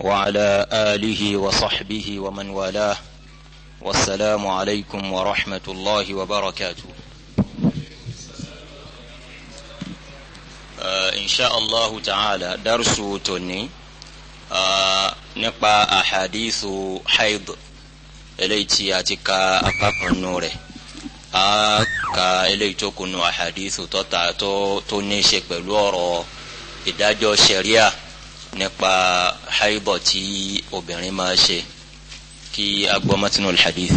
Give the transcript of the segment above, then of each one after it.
وعلى آله وصحبه ومن والاه والسلام عليكم ورحمة الله وبركاته آه، إن شاء الله تعالى درس توني آه، نقع أحاديث حيض إليتي أتكا أفاق النوره أكا ka أحاديث tó توني ahadithu tó ta tó tó nípa haibọ̀ tí obìnrin máa ṣe kí agbọ́mọ́tínú al-hadith.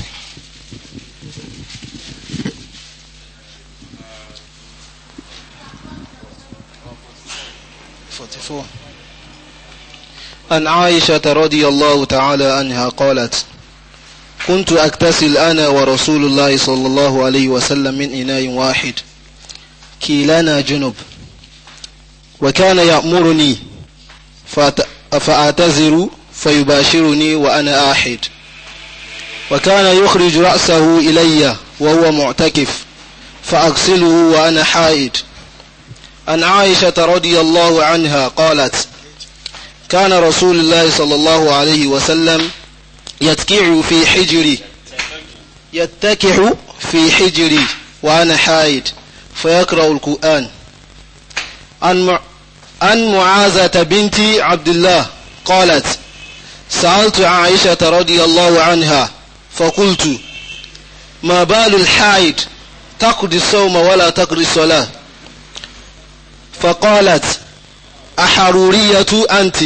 عن عائشة رضي الله تعالى عنها قالت كنت أكتسل أنا ورسول الله صلى الله عليه وسلم من إناء واحد كيلانا جنب وكان يأمرني فأعتذر فيباشرني وأنا آحد وكان يخرج رأسه إلي وهو معتكف فأغسله وأنا حائد عن عائشة رضي الله عنها قالت كان رسول الله صلى الله عليه وسلم يتكع في حجري يتكع في حجري وأنا حائد فيقرأ القرآن عن أن معاذة بنت عبد الله قالت سألت عائشة رضي الله عنها فقلت ما بال الحائد تقضي الصوم ولا تقضي الصلاة فقالت أحرورية أنت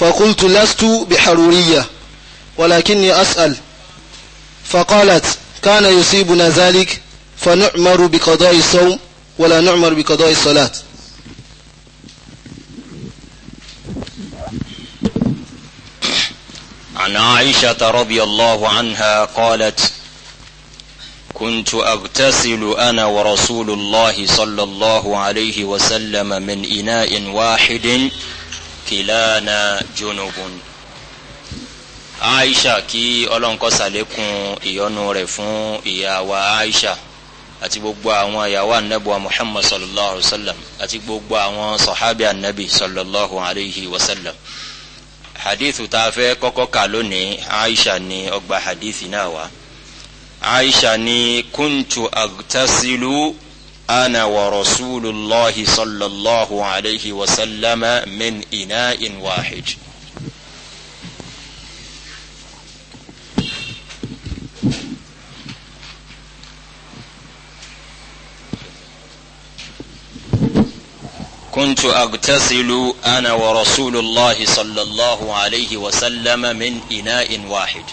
فقلت لست بحرورية ولكني أسأل فقالت كان يصيبنا ذلك فنعمر بقضاء الصوم ولا نعمر بقضاء الصلاة عن عائشة رضي الله عنها قالت كنت أغتسل أنا ورسول الله صلى الله عليه وسلم من إناء واحد كلانا جنوب عائشة كي ألنقص لكم إيونو رفون إياوا عائشة àti gbogbo àwọn ìyàwó anabuwa muhammad sallallahu alayhi wa sallam àti gbogbo àwọn sọ̀hábì anabi sallallahu alayhi wa sallam hadithu tá a fẹ́ kọ́kọ́ kà lónìí aisha ni ọgbà hadithi náà wá aisha ni kuntu agtasilu ana wa rasulillahi sallallahu alayhi wa sallama min ina'in wahid. كنت أغتسل أنا ورسول الله صلى الله عليه وسلم من إناء واحد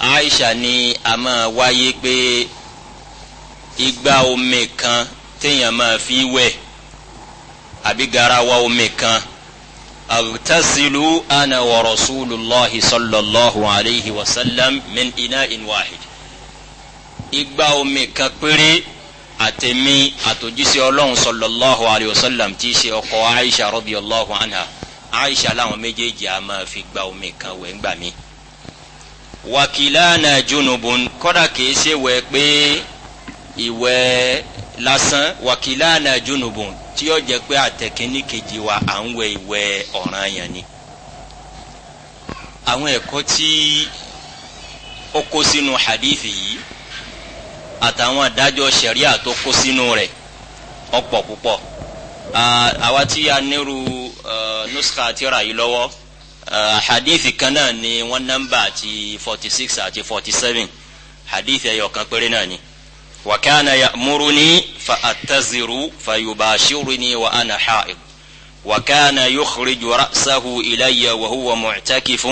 Aisha ní a máa wáyé pé igbá omi kan téèyàn máa fi wẹ̀ àbí garawa omi kan agtasilu ana wa rasulillahi sallallahu alayhi wa sallam min ina'in wahid igbá omi kan péré àtẹ̀mí àtòjíṣẹ́ ọlọ́run sallallahu alayhi wa sallam tí í ṣe ọkọ aisha radiyallahu anha aisha làwọn méjèèjì a máa fi gba omi kan wẹ̀ ń gbà mí. wàkìlánà junubun kọ́dà kìí ṣe wẹ̀ pé ìwẹ̀ lásán wàkìlánà junubun tí ó jẹ́ pé àtẹ̀kíní kejì wa à ń wẹ̀ ìwẹ̀ ọ̀ranyàn ni. àwọn ẹ̀kọ́ tí ó kó sínú hadithi yìí àtàwọn àdájọ́ sẹ̀ríà tó kó sínú rẹ̀ ọ̀pọ̀ púpọ̀ àwa tí a nírú nuska tíra yìí lọ́wọ́ hadithi kan náà ni wọ́n nọ́mbà àti forty six àti forty seven hadithi ẹ̀yọ̀ kan péré náà ni. وكان يأمرني فأتزر فيباشرني وأنا حائض وكان يخرج رأسه إلي وهو معتكف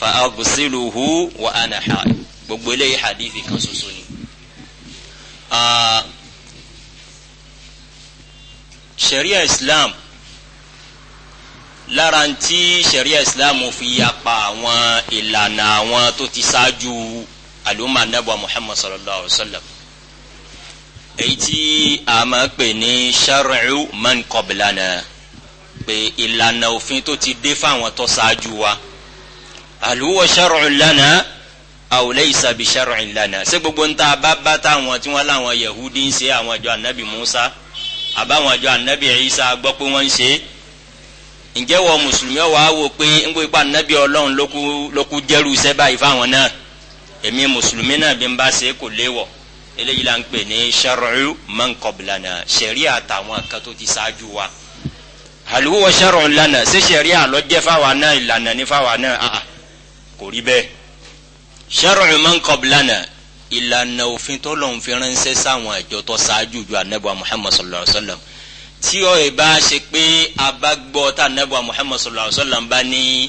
فأغسله وأنا حائض gbogbo eléyìí hadithi kan ṣoṣo ni ṣẹ̀ríà islam lára ń tí ṣẹ̀ríà islam fi yapa àwọn ìlànà àwọn tó ti ṣáájú àlùmọ́ anábọ̀ muhammad sallallahu alayhi wa sallam èyí tí a máa pè ní shar'u man qablana pé ìlànà òfin tó ti dé fáwọn tó ṣáájú wa àlùwọ̀ shar'u lana aw laysa bi shar'in lana ṣé gbogbo ń ta bá bá táwọn tí wọ́n láwọn yahudi ń ṣe àwọn àjọ anabi musa àbáwọn àjọ anabi isa gbọ́ pé wọ́n ń ṣe ǹjẹ́ wọ mùsùlùmí ọ̀ wá wò pé ń gbé pa anabi ọlọ́run ló kú jẹ́rù iṣẹ́ báyìí fáwọn náà èmi mùsùlùmí náà bí n bá ṣe kò léwọ̀ eléyìí la ń pè ní shar'u man qablana ṣẹ̀rí àtàwọn kan tó ti ṣáájú wa hal huwa shar'un lana ṣé ṣẹ̀rí àlọ́jẹ́ fáwọn náà ìlànà ní fáwọn náà kò rí bẹ́ẹ̀ shar'u man qablana ìlànà òfin tó lọ́n fi ránṣẹ́ sáwọn ìjọ tó ṣáájú ju anabuwa muhammad sallallahu alayhi wa sallam tí ó yẹ bá ṣe pé abagbọ́ tá anabuwa muhammad sallallahu alayhi wa sallam bá ní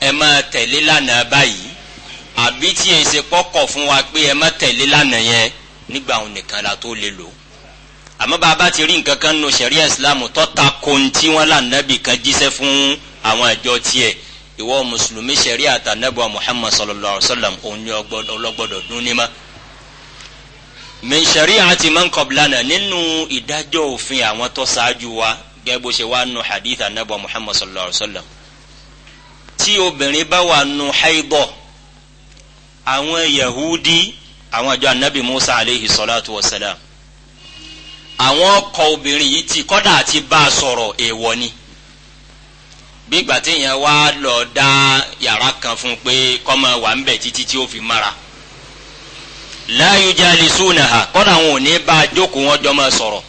ẹ máa tẹ̀lé lánàá báyìí àbí tí ẹ ṣe kọ́kọ́ fún wa pé ẹ máa tẹ̀lé lánàá yẹn nígbà òun nìkan la tó lè lò àmọ́ bàbá ti rí nǹkan kan nù sẹ̀rí ẹ̀sìlámù tó ta ko ní tí wọ́n jíṣẹ́ fún àwọn ìjọ tiẹ̀ ìwọ mùsùlùmí sẹ̀rí àtànẹ́bùà muhammad sallallahu alayhi wa sallam òun ni ọlọ́gbọ́dọ̀ dún ní ma. min sẹ̀rí àti man qablana nínú ìdájọ́ òfin àwọn tó ṣáájú wa gẹ́gẹ́ bó ṣe wá nu hadith ànẹ́bùà muhammad sallallahu alayhi wa sallam. tí obìnrin bá wà nu haidọ̀ àwọn yahudi àwọn àjọ anabi musa aleyhi salatu wa salam àwọn ọkọ obìnrin yìí ti kọ́dà àti bá a sọ̀rọ̀ èèwọ̀ ni. E bí ìgbà téèyàn wá lọ dá yàrá kan fún un pé kọ́mọ wà ń bẹ̀ títí tí ó fi mára láàyò jáde súnà ha kọ́dà àwọn ò ní bá a jókòó wọn jọ máa sọ̀rọ̀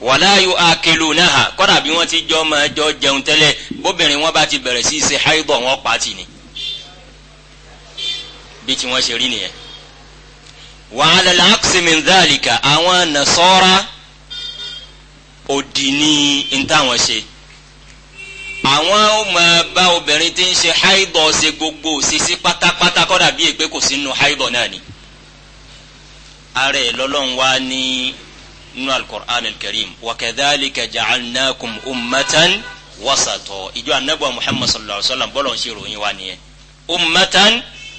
wàláyò akelu náà ha kọ́dà bí wọ́n ti jọ máa jẹun tẹ́lẹ̀ bóbìnrin wọn bá ti bẹ̀rẹ̀ sí ṣe háìbọ̀ wọn pa tì ní bí tí wọ́n ṣe rí nìyẹn wàhálà làákùsìmì dàlíkà àwọn nasọ́ra òdì ní ntàwọn ṣe àwọn ó máa bá obìnrin tí ń ṣe haidọ̀ ṣe gbogbo òṣìṣẹ́ pátápátá kọ́dà bíi èpè kò sínú haidọ̀ náà ni ara ẹ̀ lọ́lọ́run wá ní nínú alukur'an alkarim wakadhalika ja'alnakum ummatan wasatọ ìjọ anabu muhammad sallallahu alaihi wa sallam bọ́lọ̀ ń ṣe ròyìn wá nìyẹn ummatan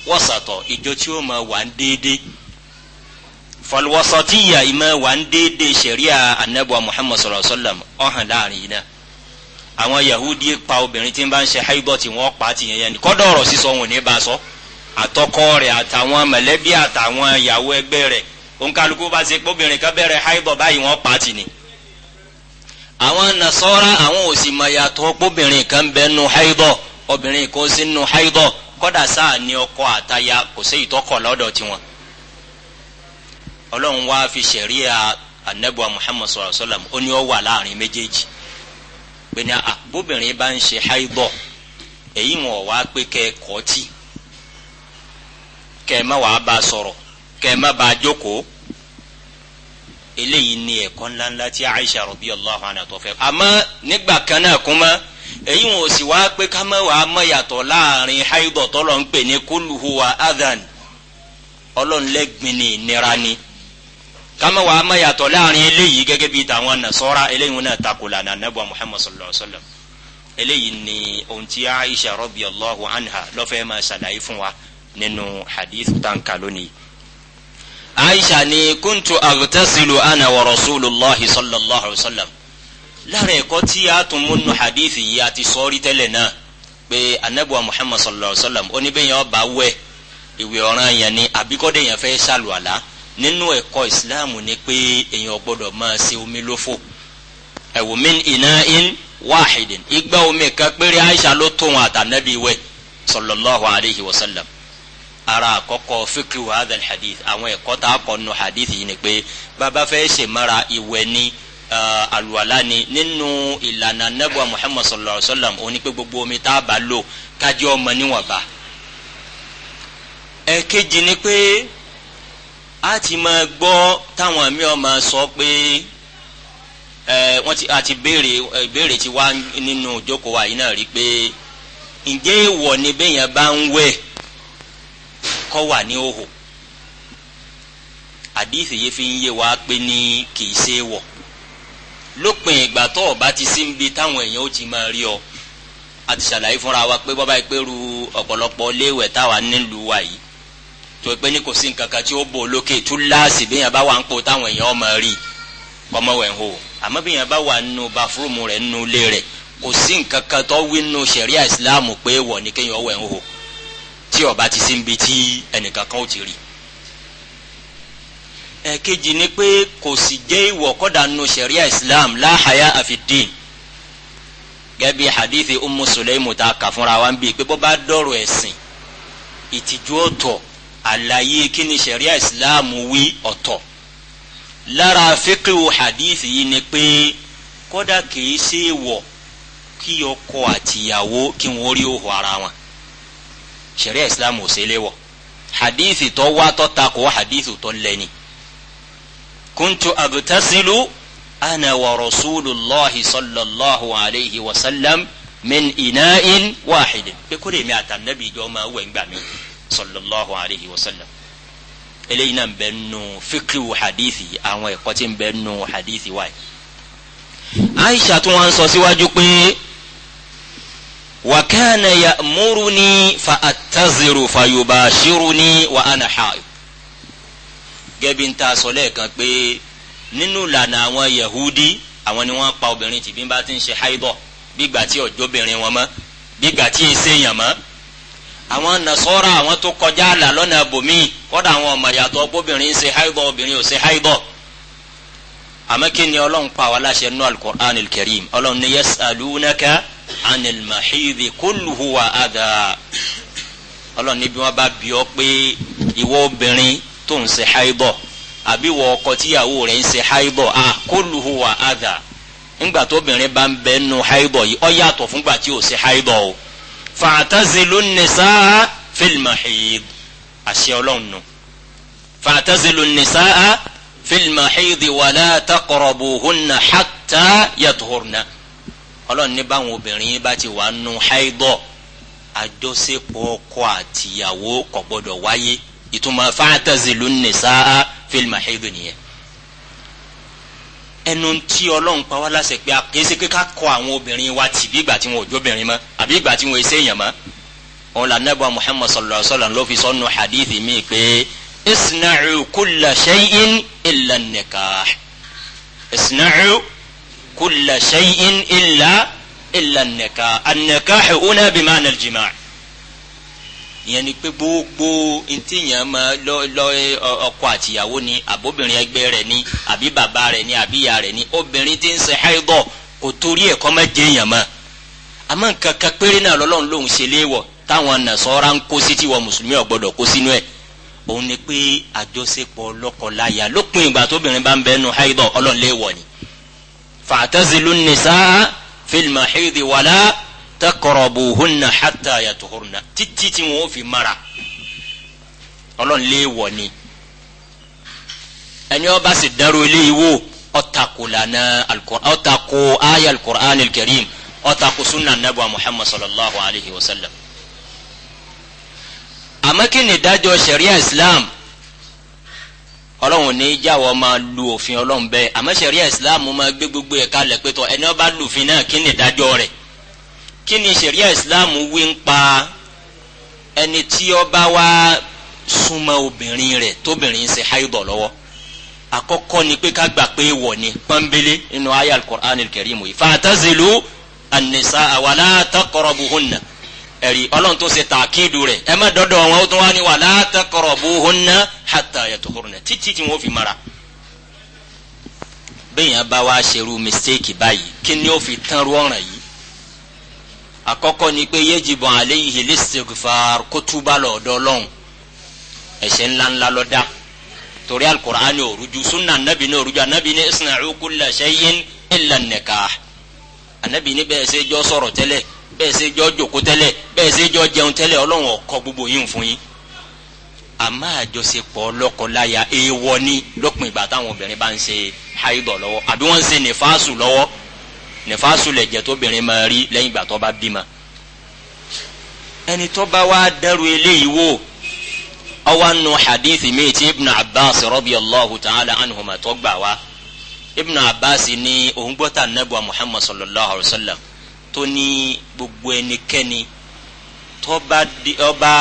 wasatọ ìjọ tí ó máa wà ń déédéé falwasatiya ìmọ̀ wà ń déédéé sẹ̀ríà anabu muhammad sallallahu alaihi wa sallam ọ̀hún láàrin yìí náà àwọn yahudi pa obìnrin tí ń bá ń ṣe haibọ tí wọn pa tìyẹn yẹn kọdọ ọ̀rọ̀ sísọ wọn ò ní bá a sọ àtọkọ rẹ̀ àtàwọn mẹ̀lẹ́bí àtàwọn ìyàwó ẹgbẹ́ rẹ̀ ònkálukú bá ṣe pọbìnrin kan bẹ̀rẹ̀ haibọ báyìí wọn pa tì ní. àwọn nasọra àwọn òsì mayàtọ pọbìnrin kan bẹ nu haibọ obìnrin kan sí nu haibọ sáà ní ọkọ àtaya kò sí ìtọkọ lọ́dọ̀ tiwọn. Ọlọ́run wá fi ṣẹ̀ríà sallallahu alaihi wa sallam ó ní ó wà pé ní àbóbìnrin ah, bá ń ṣe háìbọ̀ èyí wọn wá pé kẹ́ ẹ kọ́ tí kẹ́ ẹ má wàá bá a sọ̀rọ̀ kẹ́ ẹ má bá a jókòó eléyìí ni ẹ̀kọ́ ńláńlá tí Aisha radiyallahu anha tó fẹ́ àmọ́ nígbà kan náà kún mọ́ èyí wọn ò sì wá pé ká má wàá mọ̀ láàrin háìbọ̀ tọ́lọ̀ ń pè ní kúlùhùwà adhan ọlọ́run lẹ́gbìn ní ìnira ni. Kulhu kama wàá ma yàtọ̀ láàrin eléyìí gẹ́gẹ́ bíi tàwọn nasọ́ra eléyìí náà takò lànà anabuwa muhammad sallallahu alayhi wa sallam eléyìí ni ohun tí aisha radiyallahu anha lọ́fẹ̀ẹ́ máa ṣàlàyé fún wa nínú hadith tanka lónìí. aisha ni kuntu agtasilu ana wa rasulillahi sallallahu alayhi wa sallam lára ẹ̀kọ́ tí a tún múnú hadith yìí a ti sọ́ọ́rí tẹ́lẹ̀ náà pé anabuwa muhammad sallallahu alayhi wa sallam oníbẹ̀yẹn ọba wẹ̀ ìwé ọ̀ràn yẹn ni àbíkọ́dé yẹn fẹ́ ṣàlùwàlá nínú ẹ̀kọ́ ìsìláàmù ni pé èèyàn gbọ́dọ̀ máa ṣe omi lófò ẹ̀wò min iná in wáhìdìn igba omi kan péré aisha ló tó wọn àtànẹ́bí wẹ̀ sallallahu alayhi wa sallam ara àkọ́kọ́ fíkì wàhálà hadith àwọn ẹ̀kọ́ tá a kọ́ nu hadith yìí ni pé bàbá fẹ́ ṣe mara ìwẹ̀ ni àlùwàlá ni nínú ìlànà nẹ́bùà muhammad sallallahu sallam ó ní gbogbo omi tá a bá lò kájọ́ ọmọ níwọ̀nba ẹ̀kejì ni pé a ti máa gbọ́ táwọn mi ọ̀ máa sọ pé ẹ wọ́n ti a ti béèrè ìbéèrè ti wá nínú ìjókòó wa yìí náà rí pé ǹjẹ́ ìwọ̀ ni bẹ́yẹn bá ń wẹ̀ kọ́ wà ní òhò àdìsí yìí fi ń yé wa pé ní kì í ṣe wọ̀ lópin ìgbà tó o bá ti sí níbi táwọn èèyàn ó ti máa rí ọ àti ṣàlàyé fúnra wa pé bọ́bá ìpẹ́rù ọ̀pọ̀lọpọ̀ léèwẹ̀ táwa nílùú wa yìí tó pé ní kò sí nǹkan kan tí ó bò lókè tó láàsì bí yẹn bá wà ń po táwọn èèyàn ọmọ rí ọmọ wẹ̀ ń hò àmọ́ bí yẹn bá wà nù bàfúrúmù rẹ̀ nù ilé rẹ̀ kò sí nǹkan kan tó wí nù sẹ̀ríà ìsìláàmù pé wọ̀ ní kéèyàn wẹ̀ ń hò tí ọba ti sí níbi tí ẹnìkan ò ti rí ẹ̀kejì ni pé kò sì jẹ́ ìwọ̀ kọ́dà nù sẹ̀ríà islam láhàyà àfìdín gẹ́bí hadithi umu suleimu ta kà fúnra wa ń bí pé bó bá ìtìjú ọ̀tọ̀ àlàyé kíni ṣẹ̀ríà islam wí ọ̀tọ̀ lára fíkìwò hadith yìí ni pé kódà kìí ṣe wọ̀ kí ọkọ àtìyàwó kí wọ́n rí òhò ara wọn ṣẹ̀ríà islam ò ṣe léwọ̀ hadith tó wá tó takò hadith tó lẹ́ni kuntu abtasilu ana wa rasulillahi sallallahu alayhi wa sallam min ina'in wahidin pé kó mi àtànàbì jọ máa wẹ̀ ń gbà mí sallallahu alayhi wa sallam eléyìí náà bẹ nù fíkìwù hadithi àwọn ẹ̀kọ́ tí ń bẹ nù hadithi wáyé aisha tún wá ń sọ síwájú pé wa kana ya'muruni fa attaziru fa yubashiruni wa ana haid gẹ́bí ta sọ lẹ́ẹ̀kan pé nínú ìlànà àwọn yahudi àwọn ni wọ́n pa obìnrin tìbí bá ti ń ṣe haidọ̀ bí gbà ọjọ́ obìnrin wọn mọ́ bí gbà tí èsè mọ́ àwọn nasọ́ra àwọn tó kọjá àlà lọ́nà abòmí kọ́dà àwọn ọmọ yàtọ̀ obìnrin ṣe haibọ̀ obìnrin ò ṣe haibọ̀ àmọ́ kí ni ọlọ́run pa wá láṣẹ nínú alukur'an alkarim ọlọ́run ni yasalunaka anil mahidi kulluhuwa adha ọlọ́run níbi wọn bá bí ọ pé ìwọ obìnrin tó ń ṣe haibọ̀ àbí wọ ọkọ tíyàwó rẹ̀ ń ṣe haibọ̀ a kulluhuwa adha ńgbà tóbìnrin bá ń bẹ́ẹ̀ nu haibọ̀ yìí ó yàtọ̀ fúngbà tí ò ṣe haibọ̀ o fàtàzìlú nìsáà fílmàhìd àṣẹ ọlọ́run nù fàtàzìlú nìsáà fílmàhìd wàlá takọrọ̀bù hùnà hàtà yàtọ̀hùnà ọlọ́run ní báwọn obìnrin bá ti wà nù haidọ̀ àjọṣepọ̀ ọkọ àtìyàwó kò gbọdọ̀ wáyé ìtumọ̀ fàtàzìlú fílmàhìd nìyẹn ẹnu tí ọlọ́run pa wá láṣẹ pé àkéésí pé ká kọ àwọn obìnrin wa tì bí ìgbà tí wọn ò jóbìnrin mọ́ àbí ìgbà tí wọn èsè èèyàn mọ́ òun là nẹ́bà muhammad sallallahu alayhi wa sallam ló fi sọnù hadithi mi pé isna'u kulla shay'in illa nikah isna'u kulla shay'in illa illa nikah an-nikah huna bi ma'na ìyẹn ni pé gbogbo ntí yẹn mọ lọ lọ ọkọ àtìyàwó ni àbóbìnrin ẹgbẹ́ rẹ̀ ni àbí bàbá rẹ̀ ni àbí ìyá rẹ̀ ni obìnrin tí ń ṣe haidọ kò torí ẹ̀kọ́ má jẹ yẹn mọ́ àmọ́ nǹkan kan péré náà lọ́lọ́run lòun ṣe léèwọ̀ táwọn nàṣọ́ra ń kó sí tiwọn mùsùlùmí ò gbọ́dọ̀ kó sínú ẹ̀ òun ni pé àjọṣepọ̀ lọ́kọláya lópin ìgbà tóbìnrin bá ń bẹnu haidọ ọlọ́run léèwọ̀ ni fàtẹ́sílù nìṣá fílmù haidì taqrabuhunna hatta yatuhurna títí tí wọn ò fi mara ọlọ́run lé wọ̀ ni ẹni ọba sì dárò eléyìí wò ọ̀tàkù lànà ọ̀tàkù ayé al-Qur'an al-Karim ọ̀tàkù sunna nabuwa Muhammad sallallahu alayhi wa sallam. àmọ́ kí ni ìdájọ́ sharia Islam ọlọ́run ní jáwọ́ máa lu òfin ọlọ́run bẹ́ẹ̀ àmọ́ sharia Islam máa gbé gbogbo ẹ̀ka lẹ̀ pé tọ́ ẹni ọba lùfin náà kí kí ni ṣẹ̀ríà islam wí ń pa ẹni tí ó bá wá súnmọ́ obìnrin rẹ̀ tóbìnrin ṣe háìdọ̀ lọ́wọ́ àkọ́kọ́ ni pé ká gbà pé wọ̀ ni pọ́nbélé nínú ayé al-Qur'an al-Karim fatazilu an awala wala taqrabuhunna ẹ̀rí ọlọ́run tó ṣe tàkídù rẹ̀ ẹ má dọ́dọ̀ wọn ó tún wá ní wala taqrabuhunna hatta yatuhurna títí tí wọ́n fi mara bẹ́ẹ̀ yẹn bá wá ṣerú mistake báyìí kí ni ó fi tán rú ọ̀ràn yìí àkọ́kọ́ ni pé yejibu aleyhi listigfar kó túbà lọ́dọ̀ Ọlọ́run ẹ̀ṣẹ̀ ńláńlá ló dá torí alukur'an yóò rújú sunna anabi ní orújú anabi ní isna'u kulla shay'in illa nikah anabi ní bẹ́ẹ̀ ṣe jọ sọ̀rọ̀ tẹ́lẹ̀ bẹ́ẹ̀ ṣe jọ jòkó tẹ́lẹ̀ bẹ́ẹ̀ ṣe jọ jẹun tẹ́lẹ̀ Ọlọ́run ó kọ̀ gbogbo yín fún yín àmọ́ àjọṣepọ̀ lọ́kọláya èèwọ̀ ni lópin ìgbà táwọn obìnrin bá ń ṣe haidọ̀ lọ́wọ́ àbí wọ́n ń ṣe nífàásù lọ́wọ́ nífàsù lẹ̀jẹ̀ tóbìnrin máa rí lẹ́yìn ìgbà tó bá bímọ. ẹni tó bá wá dẹ́rù eléyìí wò ọwọ́ nù hadith mi ti ibn abbas radiyallahu ta'ala anhuma tó gbà wá ibn abbas ní òun gbọ́ta nebà muhammad sallallahu alayhi wa sallam tó ní gbogbo ẹnikẹ́ni tó bá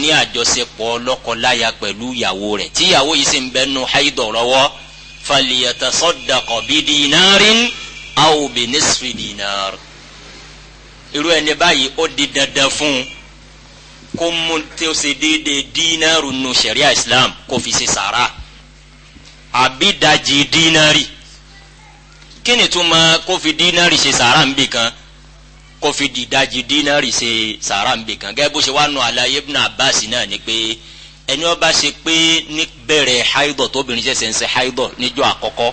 ní àjọṣepọ̀ lọ́kọláya pẹ̀lú ìyàwó rẹ̀ tíyàwó yìí sì ń bẹ́ẹ̀ nù haidọ̀ lọ́wọ́ faliyatasaddaqa bidiinarin aw bi nisfi dinar irú ẹni báyìí ó di dandan fún kó mú tí ó ṣe déédéé dínárù nù sẹ̀ríà islam kó fi ṣe sàrà àbí dajì dínárì kí ni tó máa kó fi dínárì ṣe sàrà ń bì kan kó fi dìdajì dínárì ṣe sàrà ń bì kan gẹ́gẹ́ bó ṣe wá nu àlàyé Ibn Abbas náà ni pé ẹni ó ṣe pé ní bẹ̀rẹ̀ haidọ̀ tóbìnrin ṣẹ̀ṣẹ̀ ń ṣe haidọ̀ níjọ́ àkọ́kọ́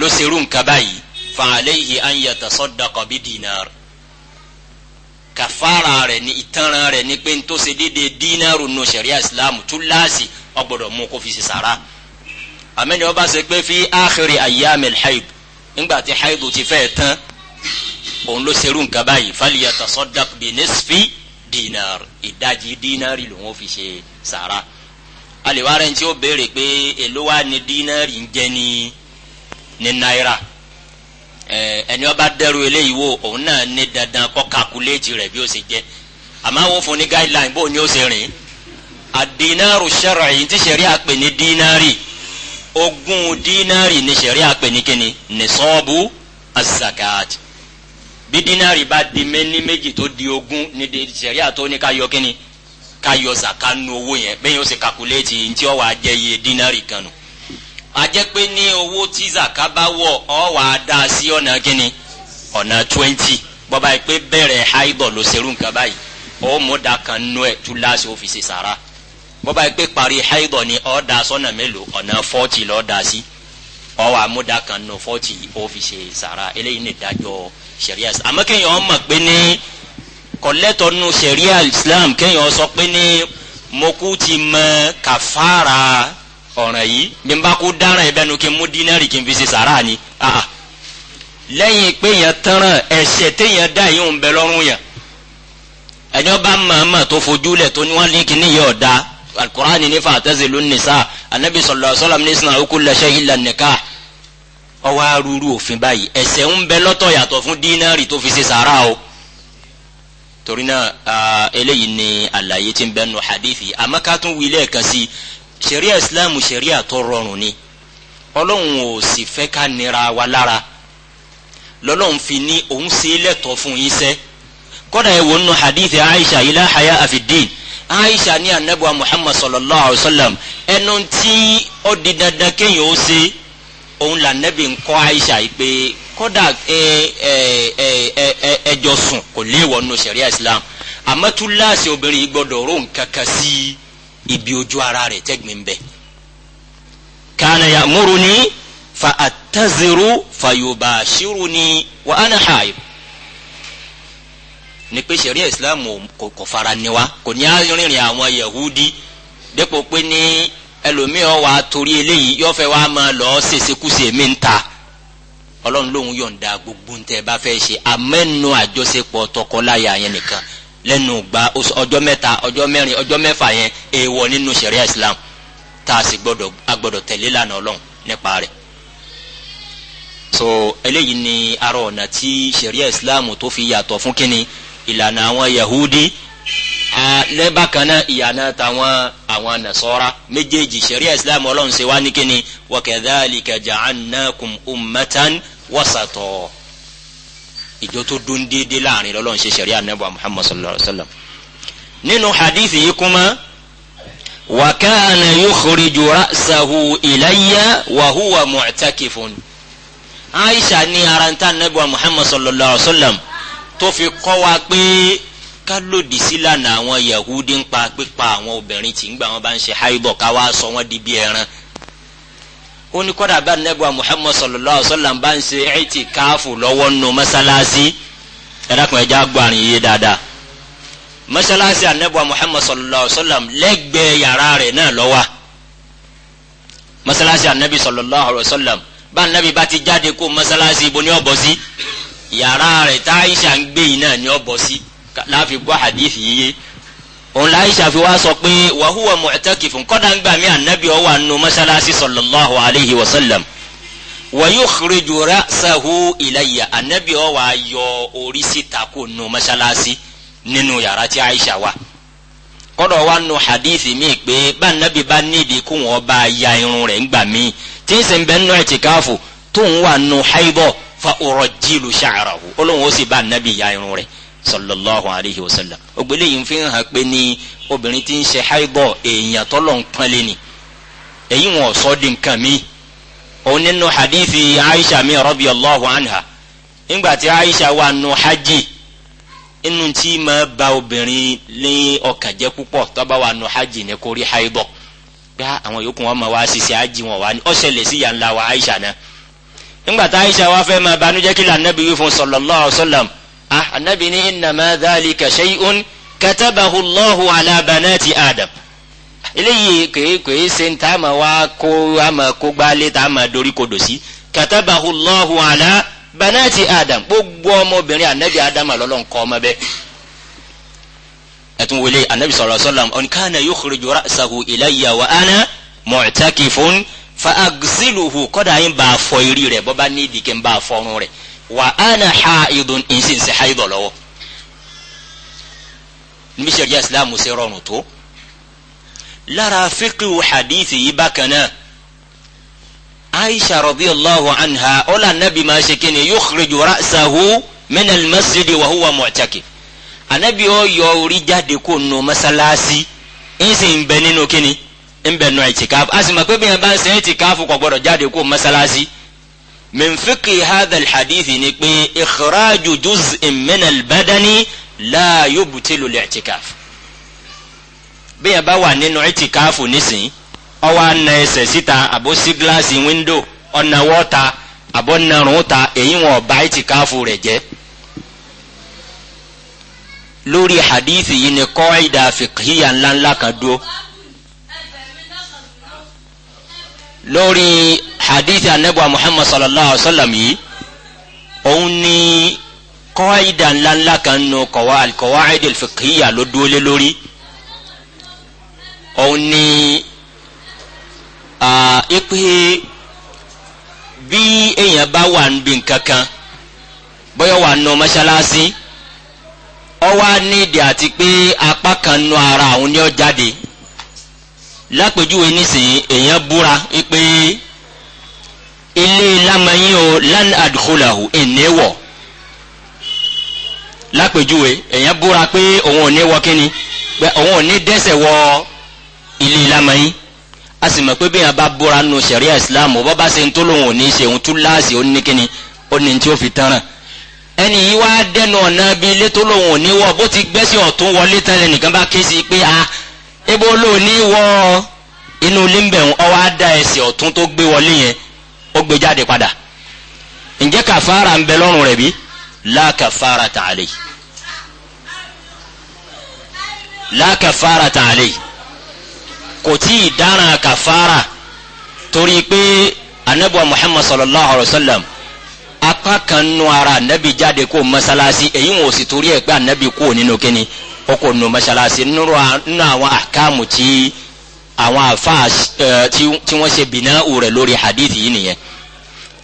ló ṣerú nǹkan báyìí fàlẹ́yìí à ń yàtọ̀ sọ́dọ̀kọ̀ bí dinar kàfàrà rẹ̀ ni ìtanràn rẹ̀ ni pé ntọ́ ṣe déédéé dínárù nù sẹ̀ríà islam túláàsì ọgbọ́dọ̀ mú kó fi ṣe sàrà àmẹ́ni ọba ṣe pé fi áàkiri ayyam al-hayd nígbà tí ti fẹ́ tán òun ló ṣerú nǹkan báyìí fàlìyàtọ̀ sọ́dọ̀k bí nisfi dinar ìdajì dínárì lòun ò fi ṣe sàrà alẹ́ rẹ̀ ń ó béèrè pé èló wa ni dínárì ń jẹ́ ní ní náírà ẹni ọba dẹrù eléyìí wo òun náà ní dandan kọ́ kakuléètì rẹ̀ bí ó ṣe jẹ́ àmọ́ àwọn fún ní guideline bó ni ó ṣe rìn àdínáàrù ṣẹ̀rọ̀ yìí tí ṣẹ̀rí àpè ní dínárì ogún dínárì ní ṣẹ̀rí àpè ní kíni nìṣọ́ọ̀bù azakat bí dínárì bá di méní méjì tó di ogún ní ṣẹ̀rí àtó ní ká yọ kíni ká yọ zakanu owó yẹn bẹ́ẹ̀ yóò ṣe kakuléètì ntí ó wá jẹ́ iye dínárì kan No ajẹ́ pé ní owó tí zaka bá wọ̀ ọ́ wà á dá sí ọ̀nà gíní ọ̀nà twenty bọ́ba yìí pé bẹ̀rẹ̀ haibọ̀ ló ṣerú nǹkan báyìí ó mú da kan nú ẹ̀ tú láàṣì ó fi ṣe sàrà bọ́ba yìí pé parí haibọ̀ ni ọ́ da sọ́nà mélòó ọ̀nà forty lọ́ọ́ da sí ọ́ wà á mú da kan nú forty ó fi ṣe sàrà eléyìí ní ìdájọ́ sẹ̀ríà àmọ́ kéèyàn mọ̀ pé ní kọ̀lẹ́tọ̀ nú sẹ̀ríà Islam kéèyàn sọ pé ní mo kú ti mọ kàfàrà ọ̀ràn yìí bí n bá kó dáràn ẹ̀bẹ̀ nu kí n mú dínárì kí n fi ṣe sàrà ni ah lẹ́yìn pé yẹn tẹ́ràn ẹ̀ṣẹ̀ téèyàn dá yìí ń bẹ lọ́rùn yẹn ẹ̀jọ́ bá màmá tó fojú lẹ̀ tó ní wọ́n ní kíní yẹ̀ ọ̀dà alukur'ani ní fa'tazilu nisa anabi sallallahu alaihi wasallam ní sinna kulla shay illa nikah ọwọ́ arúurú òfin báyìí ẹ̀ṣẹ̀ ń bẹ lọ́tọ̀ yàtọ̀ fún dínárì tó fi ṣe sàrà o torí náà ah, eléyìí ni àlàyé tí ń bẹ nù hadithi àmọ́ ká tún wí lẹ́ẹ̀kan sí i sẹ̀ríà islam sẹ̀ríà tó rọrùn ni ọlọ́run ò sì fẹ́ ká nira wa lára lọ́lọ́run fi ní òun ṣe é fún yín sẹ́ kọ́dà ẹ̀ wò hadith aisha ilá haya afidin aisha ní anabuwa muhammad sallallahu alayhi wa sallam ẹnu tí ó di dandan kéèyàn ó ṣe òun là nẹ́bí ń kọ́ aisha yìí pé kọ́dà ẹjọ́ sùn kò léèwọ̀ nínú sẹ̀ríà islam àmọ́ túláàsì obìnrin yìí gbọ́dọ̀ rò ń kankan sí i ibi ojú ara rẹ̀ tẹ́gbìn bẹ́ẹ̀ kana ya'muruni fa attaziru fa yubashiruni wa ana haib ni pé sẹ̀ríà islam kò fara ni wa kò ní arìnrìn àwọn yahudi dépò pé ní ẹlòmíràn wa torí eléyìí yóò fẹ́ wa máa lọ ṣèṣekúṣe mi ń ta ọlọ́run lòun yọ̀ǹda gbogbo ń tẹ́ bá fẹ́ ṣe amẹ́nu àjọṣepọ̀ tọkọláya yẹn nìkan lẹ́nu gba ọjọ́ mẹ́ta ọjọ́ mẹ́rin ọjọ́ mẹ́fà yẹn èèwọ̀ nínú ṣẹ̀ríà islam tá a sì gbọ́dọ̀ a gbọ́dọ̀ tẹ̀lé lànà ọlọ́run nípa rẹ̀ so eléyìí ni ara ọ̀nà tí ṣẹ̀ríà islam tó fi yàtọ̀ fún kínní ìlànà àwọn yahudi lẹ́bàkánná ìyànà táwọn àwọn nasọ́ra méjèèjì ṣẹ̀ríà islam ọlọ́run ṣe wá ní kínní wa kadhalika ja'annakum ummatan wasatọ̀ ìjọ tó dún déédéé láàrin lọ́lọ́run ṣe sẹ̀rí anábọ̀ muhammad sallallahu alayhi wa sallam nínú hadith yìí kuma wa kana yukhriju ra'sahu ilayya wa huwa mu'takifun aisha ní ara ń ta anábọ̀ muhammad sallallahu alayhi wa sallam tó fi kọ́ wa pé ká lòdì sí lànà àwọn yahudi ń pa pípa àwọn obìnrin tí ń gbà wọn bá ń ṣe haibọ ká wá sọ wọn di bí ẹran ó ní kọ́dà bá nẹ́bù Muhammad sallallahu alaihi wasallam bá ń ṣe ẹ̀ẹ́tì káàfù lọ́wọ́ nù mọ́sálásí ẹ̀dàkùn ẹ̀já gbọ́ àrùn yìí dáadáa mọ́sálásí anẹ́bù Muhammad sallallahu alaihi wasallam lẹ́gbẹ̀ẹ́ yàrá rẹ̀ náà lọ́wọ́ mọ́sálásí anẹ́bì sallallahu alaihi wasallam bá anẹ́bì bá ti jáde kó mọ́sálásí ibo ní ọ̀bọ̀ sí yàrá rẹ̀ tá Aisha ń gbé yìí náà ní ọ̀bọ̀ sí láàfin gbọ́ hadith yìí òun láìsà fi wá sọ pé wàhùwà mu'takifun kọ́dà ń gbà mí ànábì ọ wà nù mọ́ṣáláṣí sallallahu alayhi wa sallam wa yukhriju ra'sahu ilayya ànábì ọ wà yọ orí síta kò nù mọ́ṣáláṣí nínú yàrá tí àìsà wà kọ́dà wà nù hadith mi pé bá ànábì bá nídìí kó wọn bá ya irun rẹ̀ ń gbà tí ń sìn bẹ́ẹ̀ nù i'tikafu tóun wà nù haibọ̀ fa urajjilu sha'rahu olóhùn ó sì bá ànábì ya irun rẹ̀ sallallahu alayhi wa sallam ògbélé yìí fi hàn pé ní obìnrin tí ń ṣe haibọ èèyàn tọ́lọ̀ ń pọ́nlé ni èyí wọn sọ di nǹkan mi òun nínú hadithi aisha mi radiyallahu anha nígbà tí aisha wà nù hajj inú tí ma ba obìnrin ní ọkàn jẹ́ púpọ̀ tó bá wà nù hajj ní kò rí haibọ gbá àwọn yòókù wọn ma wá ṣiṣẹ́ hajj wọn wá ní ó sí yàn la wa aisha náà nígbà tí aisha wá fẹ́ ma banújẹ́ kí lànà bí fún sallallahu alayhi ah anabi ni innama dhalika shay'un katabahu Allahu ala banati adam eléyìí kèékèé ṣe ń tá a máa wá kó a máa kó gbálé tá a máa dorí kodò sí katabahu Allahu ala banati adam gbogbo ọmọbìnrin anabi adam alọ́lọ́n kọ́ ọmọ bẹ́ẹ̀ ẹ̀tún wọlé anabi sallallahu alaihi wasallam on kana yukhriju ra'sahu ilayya wa ana mu'takifun fa agsiluhu kọ́dà yín bá a fọ rẹ̀ bọ́ ní ìdíkẹ́ ń bá fọ́run rẹ̀ wà á nà ha idun ìsìn sí ha idọ̀ lọ́wọ́ níbi sẹ́ríà ìsìláàmù ṣe rọrùn tó lára fíkìwù hadith yìí bákan náà aisha radiyallahu anha ọlá nabi máa ṣe kíni yukhriju ra'sahu min al-masjid wa huwa mu'takif anabi ó yọ orí jáde kó nu masalasi ìsìn bẹ nínú kíni ń bẹ nù ẹ̀tìkáfù a sì mọ̀ pé bí wọn bá ń ṣe ẹ̀tìkáfù kò masalasi min fiqhi hadha alhadith ni pé ikhraju juz'in min albadani la yubtilu al-i'tikaf bẹ́ẹ̀ bá wà nínú ìtìkáfù nísìnyí ọwọ́ ana ẹsẹ̀ síta àbó sí gíláàsì wíńdò ọ̀nà wọ́ta àbọ̀ narun ta èyí wọn ọba ìtìkáfù rẹ̀ jẹ́ lórí hadithi yìí ni kọ́ ìdá fiqhiya ńláńlá kan dúró. lórí hadith anabuwa muhammad sallallahu alaihi wa sallam yìí òun ni kọ́ìdà ńláńlá kan nù kọ́wá alikọ́wá ẹ̀dẹ̀l fìkìyà ló dúró lé lórí òun ni ipe bí èèyàn bá wà níbi nǹkan kan bóyá wà nù mọ́ṣáláṣí ọ wá àti pé apá kan nù ara àwọn ni ó jáde lápèjúwe nísìnyí èèyàn búra pé ilé lámàyín o lan adkhulahu ìníwọ̀ lápèjúwe èèyàn búra pé òun ò ní wọ kíni pé òun ò ní dẹ́sẹ̀ wọ ilé lámàyín a sì mọ̀ pé bí èèyàn bá búra nù sẹ̀ríà ìsìláàmù bọ́ bá ṣe ń tó lòun ò ní ṣe òun tún láàṣì ó ní kíni ó tí ó fi tán ràn ẹni yìí wá dẹnu ọ̀nà bíi ilé tó lòun wọ bó ti gbẹ́sẹ̀ ọ̀tún wọlé tán lẹ́nìkan bá ké sí pé a. Ah, ebo ló ní wọ inú ilé ń bẹ̀ ń ọwọ́ á da ẹsẹ̀ ọ̀tún tó gbé wọlé yẹn ó gbé jáde padà ǹjẹ́ kàfàrà ń bẹ lọ́rùn rẹ̀ bí la kàfàrà tà àlè la kàfàrà tà àlè kò tí ì dáràn kàfàrà torí pé anabuwa muhammad sallallahu alayhi wa sallam apá kan nu ara anabi jáde kó masalasi èyí wọn ò sì torí ẹ pé anabi kó nínú kínní. ó kò nù mọ́ṣáláṣí nínú àwọn àkàmù tí àwọn àfáà tí wọ́n ṣe bìnà rẹ̀ lórí hadith yìí nìyẹn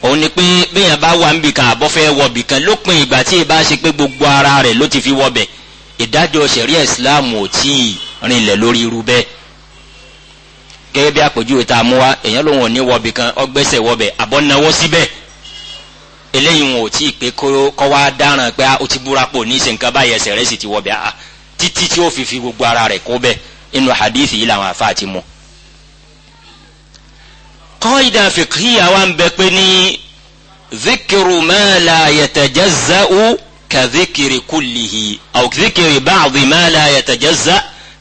òun ni pe bẹ́yàn bá wà níbì kan àbọ̀ fẹ́ wọ̀bì kan lópin ìgbà tí ìbá se pé gbogbo ara re ló ti fi wọbe ìdájọ́ ṣẹ̀ríà ìsìláàmù ò tí ì lórí irú bí àpèjúwe tá a mú wa èèyàn lòun kan náwó eléyìí wọn ò tí ì pé wá dáràn pé ah, ó ti búra pò ní ìṣe nǹkan báyẹn ẹsẹ̀ sì ti àá títí tí ó fi fi gbogbo ara rẹ̀ kó bẹ́ẹ̀ inú hadith yìí làwọn afa ti mú. qaida fiqhiyya wa ń bẹ pé ní zikiru ma la yatajazza'u ka zikiri kullihi aw zikiri ba'di ma la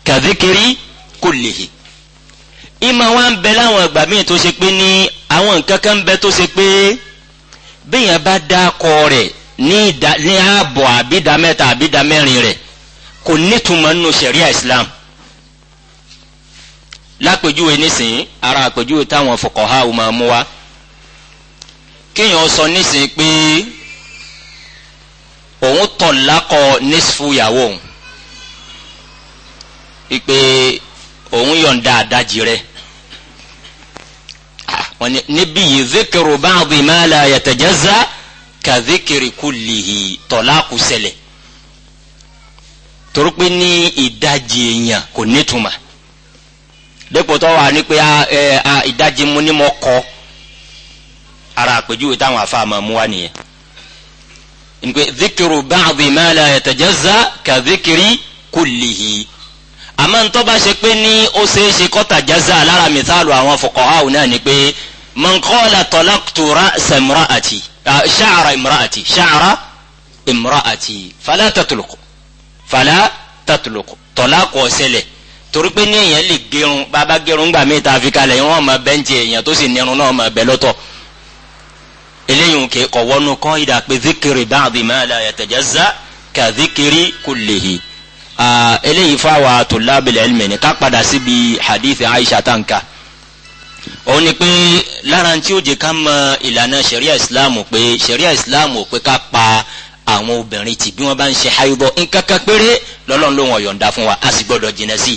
ka zikiri kullihi. ìmọ̀ wa ń bẹ láwọn ìgbà míì tó ṣe pé ní àwọn nǹkan ń bẹ tó ṣe pé bẹ́ẹ̀ bá dá kọ rẹ̀ ní ààbọ̀ àbídá mẹ́ta rẹ̀ kò nítumọ̀ nínú sẹ̀ríà islam lápèjúwe nísìnyí ara àpèjúwe táwọn fuqaha ò máa mú wa kéèyàn sọ nísìnyí pé òun tọ̀ lákọ nísìfù ìyàwó òun ìpè òun yọ̀ǹda àdájì rẹ̀ wọ́n ní níbí yìí zikiru báàbí ma la yatajazza ka zikiri kullihi tọ̀ lákùsẹ̀lẹ̀ torí pé ní ìdajì èèyàn kò nítumọ̀ dépò tó wà ní pé ìdajì mu ni mo kọ ara àpèjúwe táwọn afa máa mú wá nìyẹn nígbè zikiru báàbí ma la yatajazza ka zikiri kullihi àmọ́ ntọ́ bá ṣe pé ní ó ṣeé ṣe kọ́ta jaza lára mìtálù àwọn fuqaha náà ni pé man qala talaqtu ra'sa imra'ati sha'ra imra'ati sha'ra imra'ati fala tatluq fala tàtúlùkù tọ́lá kọ́ sẹlẹ̀ torí pé ní èèyàn lè gerun bàbá gerun gbà mí ta fi kalẹ̀ wọn ọmọ bẹ́ẹ̀ ń ti èèyàn tó sì nírun náà ọmọ bẹ́ẹ̀ lọ́tọ̀ eléyìí ń ké kọ̀wọ́nú kan ìdá pé zikiri báàbí máa la yatajazza ka zikiri kullihi eléyìí fáwọn àtúlábìlẹ̀ ẹ̀lmẹ̀ ní ká padà síbi hadith aisha tanka òun ni pé lára tí ó jẹ ká mọ ìlànà sharia islam pé sharia islam ò pé ká pa àwọn obìnrin tí bí wọ́n bá ń ṣe hayibọ̀ nǹkan péré lọ́lọ́run ló wọ́n yọ̀ǹda fún wa a sì gbọ́dọ̀ jìnnà sí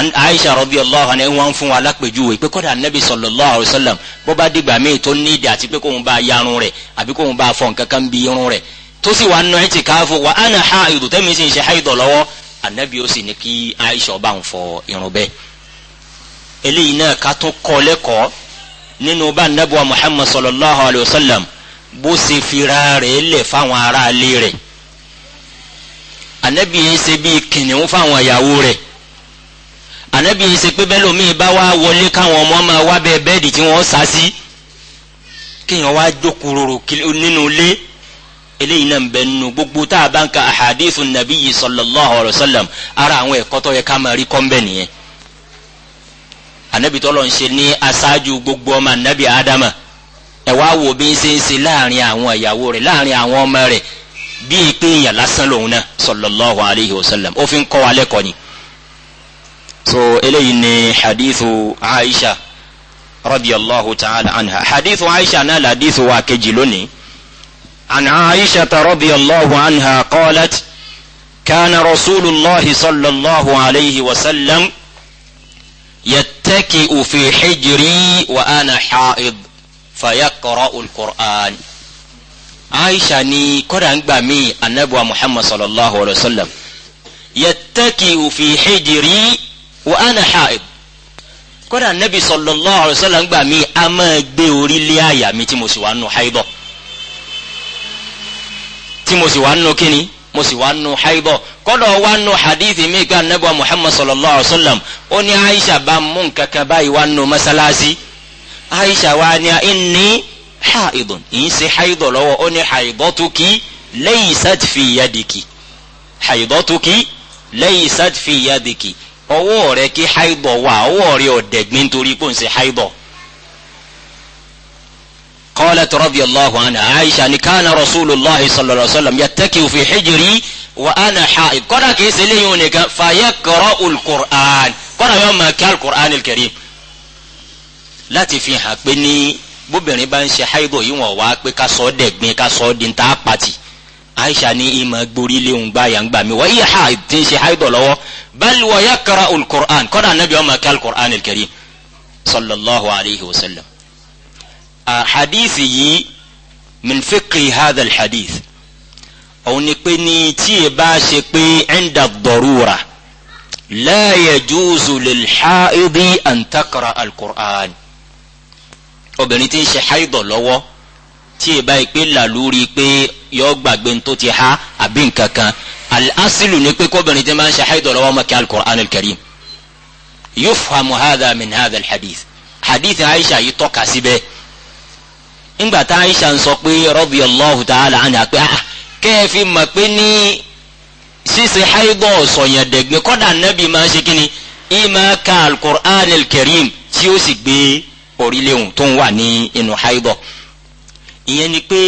i. Aisha radiyallahu anha wọ́n fún wa lápèjúwe pé kọ́dà Nabi sallallahu alayhi wa sallam bó bá dìgbà míì tó ní ìdí àti pé kóun bá yarun rẹ̀ àbí kóun bá fọ nǹkan bí irun rẹ̀ tó sì wà nù ẹtì káfọ wa ana haidu tẹ́mi sì ń ṣe haidọ̀ lọ́wọ́ anabi ó sì ní kí Aisha ọba ń fọ irun bẹ́ẹ̀ eléyìí náà ká tó kọ́ lẹ́kọ̀ọ́ nínú bá Nabi wa Muhammad sallallahu alayhi wa sallam bó ṣe fira rẹ̀ lẹ̀ fáwọn aráalé rẹ̀ ànábì yìí ṣe bíi kìnìún fáwọn ìyàwó rẹ̀ ànábì yìí ṣe pé bẹ́ẹ̀ lómi bá wá wọlé káwọn ọmọ máa wá bẹ́ẹ̀ bẹ́ẹ̀dì tí wọ́n sá sí kéèyàn wá jókòó rorò nínú ilé eléyìí náà ń bẹ nínú gbogbo tá a bá ń ka ahadithu nabiyyi sallallahu alayhi wa sallam ara àwọn ẹ̀kọ́ tó yẹ ká máa rí kọ́ńbẹ́ nìyẹn ànábì tọ́lọ́ ń ṣe ní aṣáájú gbogbo ọmọ ànábì ádámà ẹ wá wo bí ń ṣe ń ṣe láàrin àwọn ìyàwó rẹ̀ láàrin àwọn ọmọ rẹ̀ bíi pé èèyàn lásán lòun náà sallallahu alayhi wa sallam ó fi ń kọ́ wa lẹ́kọ̀ọ́ ni. so eléyìí ni hadithu aisha radiyallahu ta'ala anha hadithu aisha náà la hadithu wa kejì lónìí. عن عائشة رضي الله عنها قالت كان رسول الله صلى الله عليه وسلم يتكئ في حجري وأنا حائض fayaqra'u al-Qur'an aisha ni kọ́dà ń gbà mí anabi wa muhammad sallallahu alayhi wa sallam yattaki'u fi hijri wa ana ha'id kọ́dà nabi sallallahu alayhi wa sallam gbà mí a máa gbé orí lé àyà mi tí mo sì wà nù haidọ̀ tí mo sì wà nù kíni mo sì wà nù haidọ̀ kọ́dà wà nù hadithi mi ká nabi muhammad sallallahu alayhi wa sallam ó ní aisha bá mú nǹkan báyìí wà nù masalasi. aisha wa ni inni haidun in ṣe haido lọ́wọ́ ó ní haidotuki laysat fi yadiki haidotuki laysat fi yadiki ọwọ́ rẹ kí haido wà ọwọ́ rẹ ọ̀dẹ̀gbin torí ko ń ṣe haido. قالت رضي الله عنها عائشة أن كان رسول الله صلى الله عليه وسلم يتكئ في حجري وأنا حائض قرأ كيس ليونك فيقرأ القرآن قرأ يوم ما كان القرآن الكريم láti fi hàn pé ní bóbìnrin bá ń ṣe haido yìí wọ́n wá pé ká sọ ọ́ dẹ̀gbin ká sọ ọ́ di ta pati aisha ní ìmọ̀ gborí léhùn gbá yà ń gbà mí wọ́n yíyá ha ti ń ṣe haido lọ́wọ́ bal wa yakra al-Qur'an kọ́dà anabi ọmọ kí al-Qur'an sallallahu alayhi wa sallam. hadith yìí min fiqhi hadha hadith òun ni pé ní tí ẹ bá ṣe pé inda ad-darura la lil haidi an taqra obìnrin tí ń ṣe haidọ̀ lọ́wọ́ tí ì báyìí pé làlúrí pé yọ gbàgbé tó ti ha àbí nǹkan kan al-asilu ni pé kóbìnrin tí ń bá ń ṣe haidọ̀ lọ́wọ́ ọmọ kí al-Qur'an al-Karim yufhamu hadha min hadha al-hadith hadith aisha yìí tọ́ka síbẹ̀ ńgbà tá aisha ń sọ pé radiyallahu ta'ala anha pé ah kẹ́ẹ̀fì mọ̀ pé ní ṣíṣe haidọ̀ sọ̀yàn dẹ̀gbẹ́ kọ́dà nẹ́bí máa ń ṣe kíni ìmọ̀ ká al-Qur'an tí ó sì gbé orílẹ̀ òun tó ń wà ní inú haidọ̀ ìyẹn ni pé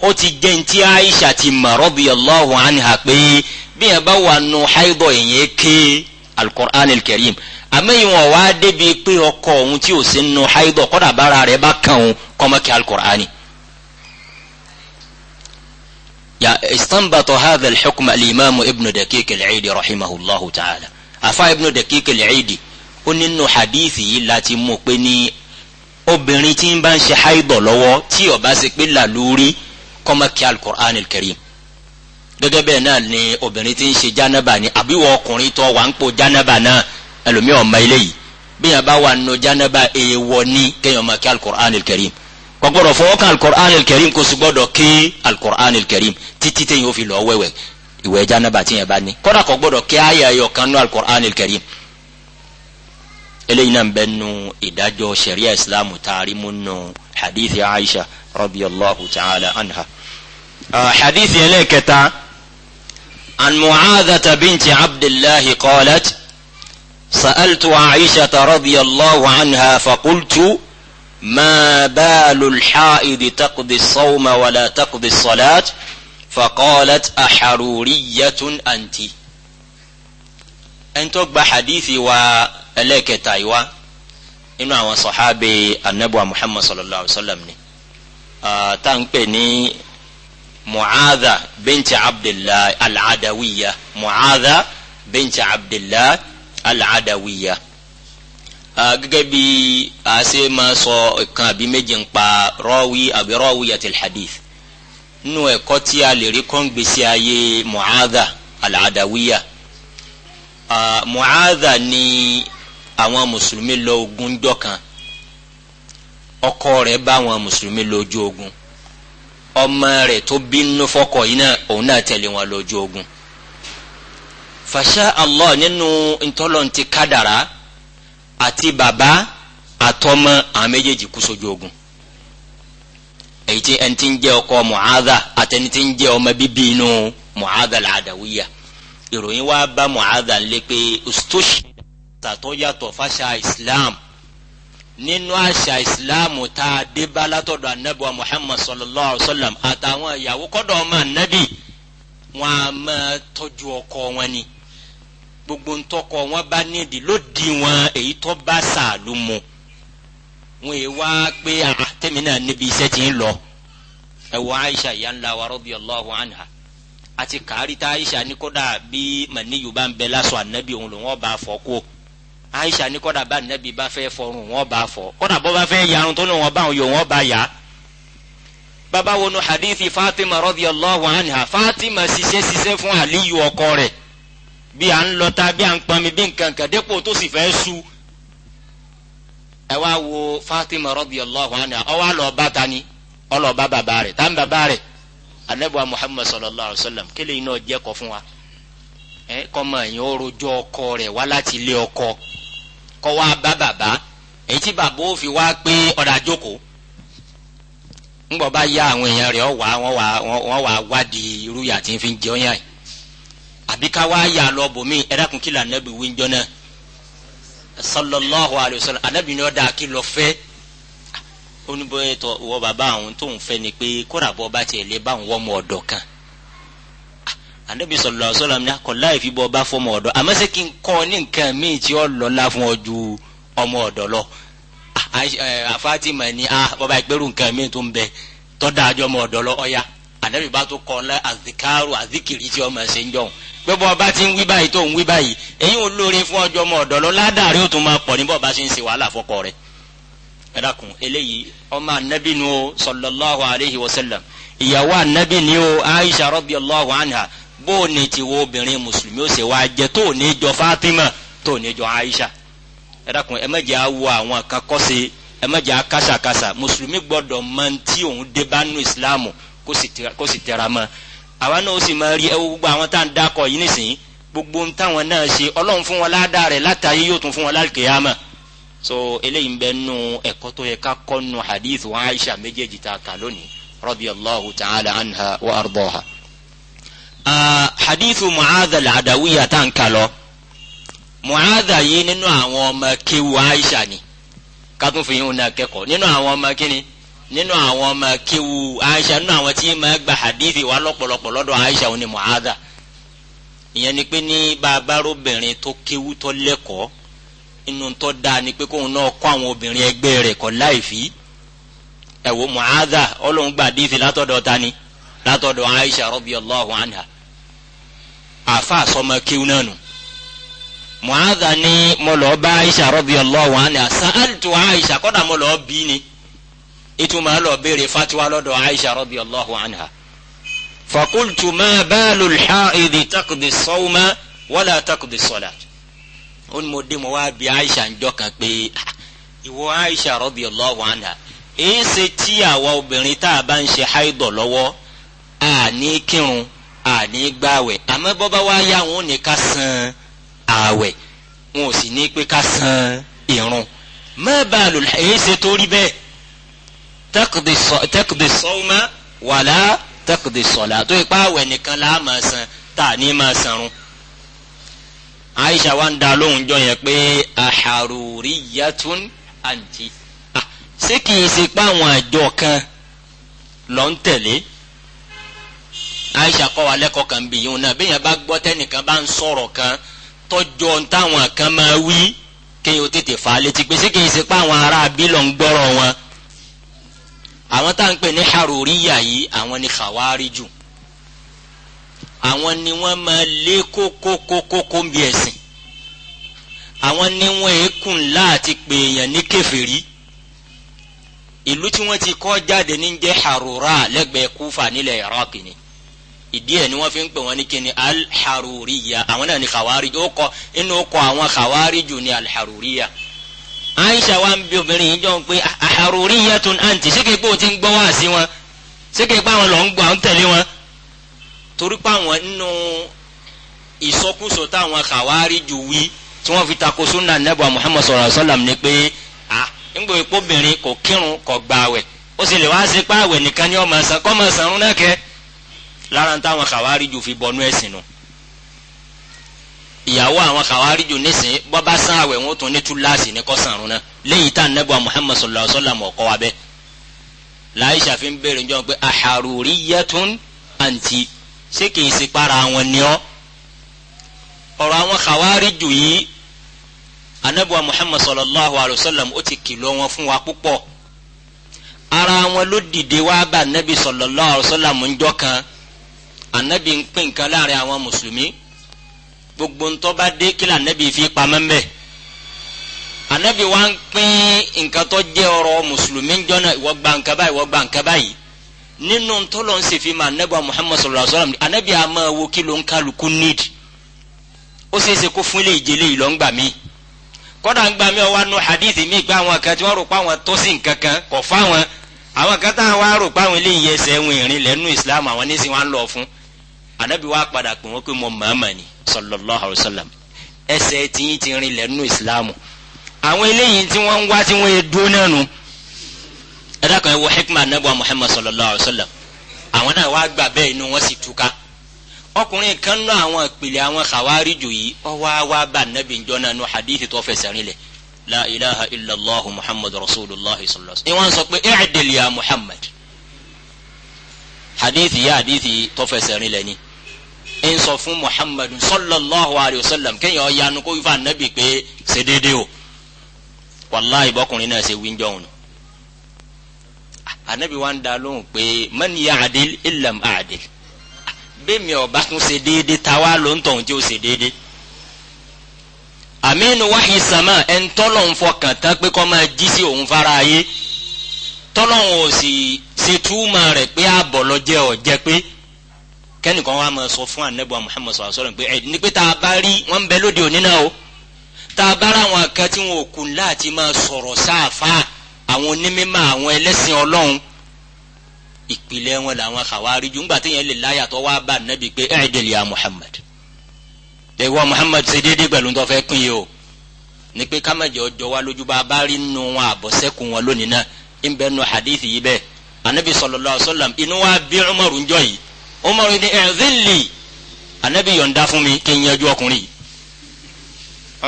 ó ti jẹ́ ní ti Aisha ti mọ̀ radiyallahu anha pé bí yẹn bá wà nù haidọ̀ ìyẹn ké alukur'an alkarim àmẹ́yìn wọn wá débi pé ọkọ òun tí ò sí nù haidọ̀ kọ́dà bára rẹ̀ bá kàn òun kọ́mọ́kì alukur'ani. يا استنبط هذا الحكم الإمام ابن دقيق العيدي رحمه الله تعالى أفا ابن دقيق العيدي ó nínú hadithi yìí láti mú pé ní obìnrin tí ń bá ń ṣe haibọ̀ lọ́wọ́ tí ó bá ṣe pé làlórí kọ́mọ́kí alukur'an kẹrìm gẹ́gẹ́ bẹ́ẹ̀ náà ni obìnrin tí ń ṣe jánaba ni àbíwọ ọkùnrin tó wà ń po jánaba náà ẹlòmíì ọmọ ilé yìí bíyàn bá wà nù jánaba èèwọ̀ ní kéèyàn máa kí alukur'an kẹrìm kò gbọ́dọ̀ fọwọ́ kan alukur'an kẹrìm kò sì gbọ́dọ̀ kí alukur'an kẹrìm títí téèyàn ó fi lọ wẹ̀wẹ̀ ìwẹ̀ jánaba tíyẹn bá ní kódà kò gbọ́dọ̀ kí ayẹyẹ kan nù alukur'an kẹrìm إلينا بنو bẹ شريعة إسلام sariya islam taari mu nù hadithi aisha radiyallahu حديث إليك عن معاذة بنت عبد الله قالت سألت عائشة رضي الله عنها فقلت ما بال الحائض تقضي الصوم ولا تقضي الصلاة فقالت أحرورية أنت أن بحديثي و ẹlẹ́ẹ̀kẹta ìwá nínú àwọn sọ̀hábì anabuwa muhammad sallallahu alayhi wa sallam ni tá n pè ní mu'adha binti abdullahi al-adawiya mu'adha binti abdullahi al-adawiya gẹ́gẹ́ bí a ṣe máa sọ kan àbí méjì ń pa rọ́wí àbí rọ́wí yatil hadith nínú ẹ̀kọ́ tí a lè rí kọ́ngbèsè ayé mu'adha al-adawiya mu'adha ni. àwọn mùsùlùmí lọ ogun jọ ọkọ rẹ bá àwọn mùsùlùmí ojú ogun ọmọ rẹ tó bínú fọ́kọ yìí náà òun náà tẹ̀lé wọn ojú ogun fàṣà allah nínú ntọ́lọ́ntì kádàrá àti bàbá àtọmọ àwọn méjèèjì kú sójú ogun èyí tí ẹni tí ń ọkọ àtẹni tí ń ọmọ tàtọ́ yàtọ̀ fàṣà islam nínú àṣà islam tá a dé bá látọ̀dọ̀ anabi wa muhammad sallallahu alayhi wa sallam àtàwọn ìyàwó kọ́dọ̀ ọmọ anabi wọn a máa tọ́jú ọkọ wọn ni gbogbo ntọ́kọ wọn bá nídìí ló di wọn èyí tó bá sàlù mu wọn yìí wá pé àtẹ̀mí náà níbi iṣẹ́ ti ń ẹ wọ aisha ìyá ńlá wa radiyallahu anha àti kàárítà aisha ní kódà bí màníyù bá ń bẹ lásọ anabi òun lòun ọba àfọkù aisha ní kọ́dà bá nẹ́bí bá fẹ́ fọrùn wọn bá fọ kọ́dà bọ́ bá fẹ́ yarun tó ní wọn bá wọn yọ wọn bá yá. bàbá wo nu hadithi fatima radiyallahu anha fatima ṣiṣẹ́ ṣiṣẹ́ fún aliyu ọkọ rẹ̀ bí à ń lọta bí à ń pọnmi bí nǹkan kan dépò tó sì fẹ́ su. ẹ wá wo fatima radiyallahu anha ó wá lọ bá ta ni ó lọ bàbá rẹ̀ tá ń bàbá rẹ̀ anabiwa muhammad sallallahu alaihi wa sallam kéle iná jẹ́ kọ́ fún wa ẹ kọ́mọ yẹn ó rojọ́ ọkọ rẹ̀ wá láti ilé ọkọ kọ́ wá bá bàbá èyí tí bàbá fi wá pé ọ̀dà jókòó ńgbọ́ bá yá àwọn èèyàn rẹ̀ ọ̀wà wọ́n ya wádìí irú yà tí ń fi ń jẹun yàn àbí ká wá yà lọ bòmí ẹ̀dákun ni lọ fẹ́ bàbá àwọn tó fẹ́ ni pé kóra bọ́ bá tiẹ̀ lé báwọn wọ́n kan anabi sọlọ sọlọ mi akọ láìfi bọ bá fọmọ ọ̀dọ̀ àmọ́ ṣé kí n kọ́ ní nǹkan míì tí ó lọ́lá fún ọ ju ọmọ ọ̀dọ̀ lọ afatima ah, eh, eh, ni a ah, bọba ìpẹrù nǹkan míì tó ń bẹ tọdà àjọ ọmọ ọ̀dọ̀ lọ ọya anabi bá tó kọ ńlá azikaru azikiri tí ọmọ ṣe ń jọun pé bọ́ ọba ti ń wí báyìí tó ń wí báyìí èyí ò lóore fún ọjọ́ ọmọ ọ̀dọ́ lọ ládàrí ó tún máa pọ̀ ní bọ́ọ̀ba ṣe ń ṣe wàhálà fọkọ rẹ̀ ẹ eléyìí ọmọ anabi nu sallallahu alayhi wa sallam ìyàwó anabi ni o aisha radiyallahu anha bó o ní ti wo obìnrin mùsùlùmí ó ṣe wá jẹ tó o ní jọ Fatima tó o ní jọ Aisha ẹ dákun ẹ má jẹ́ awo àwọn kan kọ́sẹ̀ ẹ má jẹ́ akásàkásà mùsùlùmí gbọ́dọ̀ mọ tí òun dé bá nù ìsìláàmù kó sì tẹra mọ́ àwa náà ó sì máa rí ẹwọ gbogbo àwọn tá à ń dákọ̀ yìí nísìnyí gbogbo ń táwọn náà ṣe ọlọ́run fún wọn ládàá rẹ̀ látàyè yóò tún fún wọn lálùkìyàmà so eléyìí ń bẹ nù ẹ̀kọ́ tó yẹ ká kọ́ nù hadith wa Aisha méjèèjì ta kà lónìí radiyallahu ta'ala anha wa ardaha. Ah, hadithu mu'adha al-adawiya tá n kà lọ mu'adha yìí nínú àwọn ọmọ kéwu aisha ni kátó fi na náà kẹ́kọ̀ọ́ nínú àwọn ọmọ ninu nínú àwọn ọmọ kéwu aisha ninu àwọn tí ma gba hadithi wa lọ́pọ̀lọpọ̀ lọ́dọ̀ aisha òní mu'adha ìyẹn ni pé ní bàbá robìnrin tó kewu tó lẹ́kọ̀ọ́ inú tó dáa ni pé kóun na kọ́ àwọn obìnrin ẹgbẹ́ rẹ̀ kọ́ láì fi ẹ̀wọ̀ mu'adha ọlọ́run gba hadithi látọ̀dọ̀ ta ni. látọ̀dọ̀ aisha radiyallahu anha àfa sọmọ kíw náà nù mu'adha ni mo lọ bá aisha radiyallahu anha sa'altu aisha kọ́dà mo lọ bí ni ìtumọ̀ lọ béèrè fatiwa lọ́dọ̀ aisha radiyallahu anha fakultu ma baalu lḥaidi takdi sawma wala takdi salat ó ní mo dé mo wá bí aisha ń jọ kan pé ah, ìwọ aisha radiyallahu anha èé ṣe tí obìnrin tá a bá ń ṣe haidọ̀ lọ́wọ́ àní kírun àní gbàwẹ̀ àmọ́ bọ́ bá wá yá wọn ò ní ká san àwẹ̀ wọn ò sì ní pé ká san ìrun má bàa lò èyí ṣe torí bẹ́ẹ̀ tẹ́kùdì sọ́ọ́mà wàlá tẹ́kùdì sọ̀lá tó ipá àwẹ̀ nìkan là á máa san tá a ní máa sanrun. Aisha wa ń da lóhùn jọ yẹn pé aharuriyatun anti ah, ṣé kìí ṣe pé àwọn àjọ kan lọ ń tẹ̀lé aisha kọ́ wa lẹ́kọ̀ọ́ kan bí yìí náà bẹ́ẹ̀ yẹn bá gbọ́ tẹ́nìkan bá ń sọ̀rọ̀ kan tọ́jọ́ táwọn kan máa wí kéèyàn tètè fà á létí pé sí kì àwọn ará bí ń gbọ́rọ̀ wọn àwọn tá à ń pè ní haruriya yìí àwọn ni khawariju àwọn ni wọ́n máa lé kókókókókó ń bí ẹ̀sìn àwọn ni wọ́n èékùn láti pè èèyàn ní kèfèrí ìlú tí wọ́n ti kọ́ jáde ní jẹ́ harura lẹ́gbẹ̀ẹ́ kúfà nílẹ̀ iraq ni ìdí ẹ̀ ni wọ́n fi ń pè wọ́n ní kíni alḥaruriya àwọn náà ni khawarij ó kọ inú kọ àwọn khawariju ní alḥaruriya aisha wa ń bi obìnrin yìí jọ pé alḥaruriya tún àǹtí sékè pé o ti ń gbọ́ wá sí wọn sékè pé àwọn lọ ń gbọ́ àwọn tẹ̀lé wọn torí pé àwọn nínú ìsọkúsọ táwọn khawariju wí tí wọ́n fi tako sunna nebo muhammad sallallahu alaihi ni pé ah ńgbò ìpóbìnrin kò kírun kò gbààwẹ̀ ó sì lè wá sí pé àwẹ̀ nìkan ni ọmọ ẹ̀sán kọ́ ọmọ ẹ̀sán rún náà kẹ́ẹ́ lára ń táwọn kàwáríjù fi bọnú ẹ̀sìn nù ìyàwó àwọn kàwáríjù nísìn bọ́bá sàn àwẹ̀ wọn tún ní túláàsì ní kọ́sàrún náà lẹ́yìn tá nẹ́bù Muhammad sallallahu alaihi wasallam ọ̀kọ́ wa bẹ́ láìsà fi ń béèrè jọ pé aharuriyatun anti ṣé kìí ṣe para àwọn ni ọ́ ọ̀rọ̀ àwọn kàwáríjù yìí anabu wa sallallahu alaihi wa sallam ó ti kìlọ̀ wọn fún wa púpọ̀ ara wọn ló dìde wá bá anabi sallallahu alaihi wa sallam ń jọ́ kan anabi ń pín nǹkan láàrin àwọn mùsùlùmí gbogbo ntọ́ bá dé kí lànàbì fi pamọ́ mbẹ́ anabi wa ń pín nǹkan tó jẹ́ ọ̀rọ̀ mùsùlùmí jọ́nà ìwọ gba báyìí ìwọ gba báyìí nínú ntọ́lọ́ ń sèfì mà anabi wa muhammad sallallahu alayhi wa sallam anabi a máa wo kí ló ń kálukú níìdì ó ṣeé ṣe kó fún ilé ìjẹlẹ yìí ń gbà mí kọ́dà ń gbà mí ọwọ́ nu hadithi mi gba àwọn kan tí wọ́n rò pa àwọn tó sì nǹkan kan kọ̀ fáwọn àwọn kan táwọn wá rò pa àwọn eléyìí ẹsẹ̀ wọn ìrìn lẹ́nu ìsìlámù àwọn oníṣìí wọn lọ fún anabi wa padà pè wọn pé mo màmá ni sallallahu alayhi wa sallam ẹsẹ̀ tiyín ti rin lẹ́nu ìsìlámù àwọn eléyìí tí wọ́n ń wá tí wọ́n yẹ dúró náà nù ẹ̀dá kan wọ hikma anabi wa muhammad sallallahu alayhi wa sallam àwọn náà wá gbà bẹ́ẹ̀ inú wọn sì túká ọkùnrin kan nú àwọn ìpìlẹ̀ àwọn khawariju yìí ọ wá bá anabi njọ́ náà nù hadith tó fẹsẹ̀ rinlẹ̀ la ilaha illallah muhammad rasulillah sallallahu alayhi wa sallam ìwọ́n sọ pé i'dil ya muhammad hadith yìí hadith tó fẹsẹ̀ rinlẹ̀ ni ń sọ fún muhammadu sallallahu alayhi wa sallam kéèyàn yanu kó ifá nabi pé ṣe déédéé o wàláhì bọ́kùnrin náà ṣe wíńjọ òun. anabi wa ń da lóhùn pé man ya'dil illam a'dil bẹ́ẹ̀mi ọba tún ṣe déédéé ta wá ló ń tọ̀hún tí ó ṣe déédéé. aminu wahyi sama ẹn tọ́lọ̀ ń fọkàn tán pé kọ́ máa jí sí òun fara ayé tọ́lọ̀ ń sì ṣe túmọ̀ rẹ̀ pé àbọ̀lọ́jẹ́ ọ̀jẹ́ pé kẹ́nìkan wa máa sọ fún anabuwa muhammad sallallahu alaihi wasallam pé ẹ̀ ní pé tá a bá rí wọn bẹ lóde òní náà o tá a bá rà àwọn akẹ́ tí wọn ò kù láti máa sọ̀rọ̀ sáàfà àwọn onímọ̀ àwọn ẹlẹ́sìn ọlọ́run ìpìlẹ̀ wọn làwọn khawariju ńgbà téèyàn lè láyà tó wá bá anabi pé ẹ̀ dẹ̀lẹ̀ ya muhammad ẹ̀wọ́ muhammad ṣe déédéé pẹ̀lú tó fẹ́ pín yìí o ní pé kámẹ́jọ jọ wá lójú bá a bá rí nù wọn àbọ̀sẹ́kù sallallahu alaihi wasallam inú Umaru ni ẹ̀ẹ́dínlì eh, anabi yọ̀ǹda fún mi kí n yanjú ọkùnrin yìí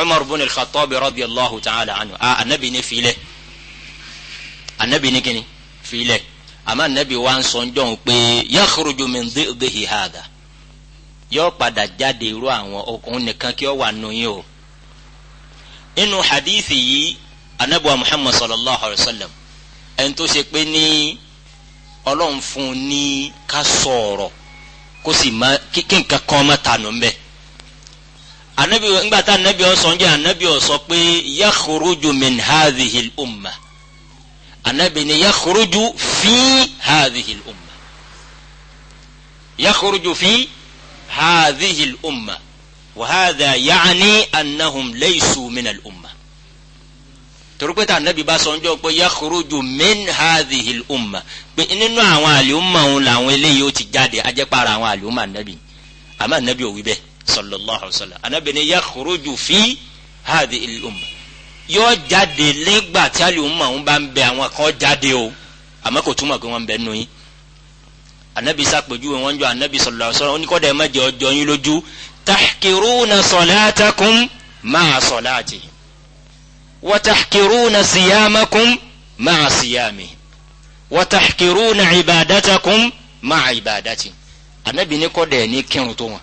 Umar bin al-Khattab radiyallahu ta'ala anhu a anabi ni filẹ̀ anabi ni kini filẹ̀ àmọ́ anabi wa ń sọ njọ́ ń pé yakhruju min dhi'dihi hadha yọ padà jáde irú àwọn ọkùnrin nìkan kí ọ wà nù yín o inú hadithi yìí anabi wa Muhammad sallallahu alayhi wa sallam ẹni tó ṣe pé ní ọlọ́run fún un ní ká sọ̀rọ̀. kosi má kí nǹkan kan má tànù mbẹ anabi ńgbà tá anabi ọsàn nje anabi ọsàn pé yakhruju min hadhihi al-umma anabi ni yakhruju fi hadhihi al-umma yakhruju fi hadhihi al-umma wa hadha ya'ni annahum laysu min al-umma. torípé tá ànábì bá sọ ń jọ pé yakhruju min hadhihi l'umma pé nínú àwọn àlùmọ òun làwọn eléyìí ó ti jáde ajẹpára àwọn àlùmọ ànábì àmọ́ ànábì ò wí bẹ́ẹ̀ sallallahu alaihi wasallam ànábì ni yakhruju fi hadhihi l'umma yóò jáde lẹ́gbà tí àlùmọ òun bá ń bẹ àwọn kan jáde o àmọ́ kò túmọ̀ pé wọ́n ń bẹ nù yín anabi sàpèjúwe wọn jọ anabi sallallahu alaihi wasallam oníkọ́dà má jẹ́ ọjọ́ yín lójú tahkiruna salatakum ma'a salati وتحكرون صيامكم مع صيامه وتحكرون عبادتكم مع عبادته anabi ni kọ́ dẹ̀ ní kírun tó wọn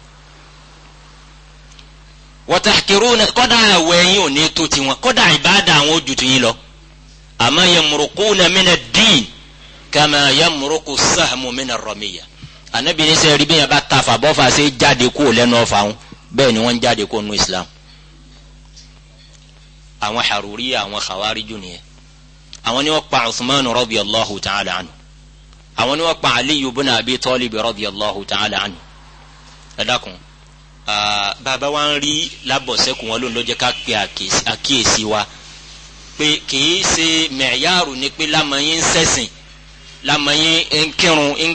wọ́tàkìrún kọ́dà àwẹ̀ yín ò ní tó tiwọn kọ́dà ìbáàdà àwọn ojú tó yín lọ àmọ́ yamurukú na mina dín kàmá yamurukú sàmù mina rọmíyà anabi ni sẹ́yìn rí bí yẹn bá ta fà bọ́ fà ṣe jáde kó lẹ́nu ọ̀fà wọn bẹ́ẹ̀ ni wọ́n jáde kó nu islam àwọn haruriya àwọn khawariju nìyẹn àwọn ni wọ́n pa Uthman radiyallahu ta'ala anhu àwọn ni wọ́n pa Aliyu bin Abi Talib radiyallahu ta'ala anhu ẹ dákun bàbá wa ń rí lábọ̀sẹ́kù wọn lóun ló jẹ́ ká pe àkíyèsí wa pé kìí ṣe mẹ̀yàrú ni pé lamọ̀yìn ń sẹ̀sìn lamọ̀yìn ń kírun ń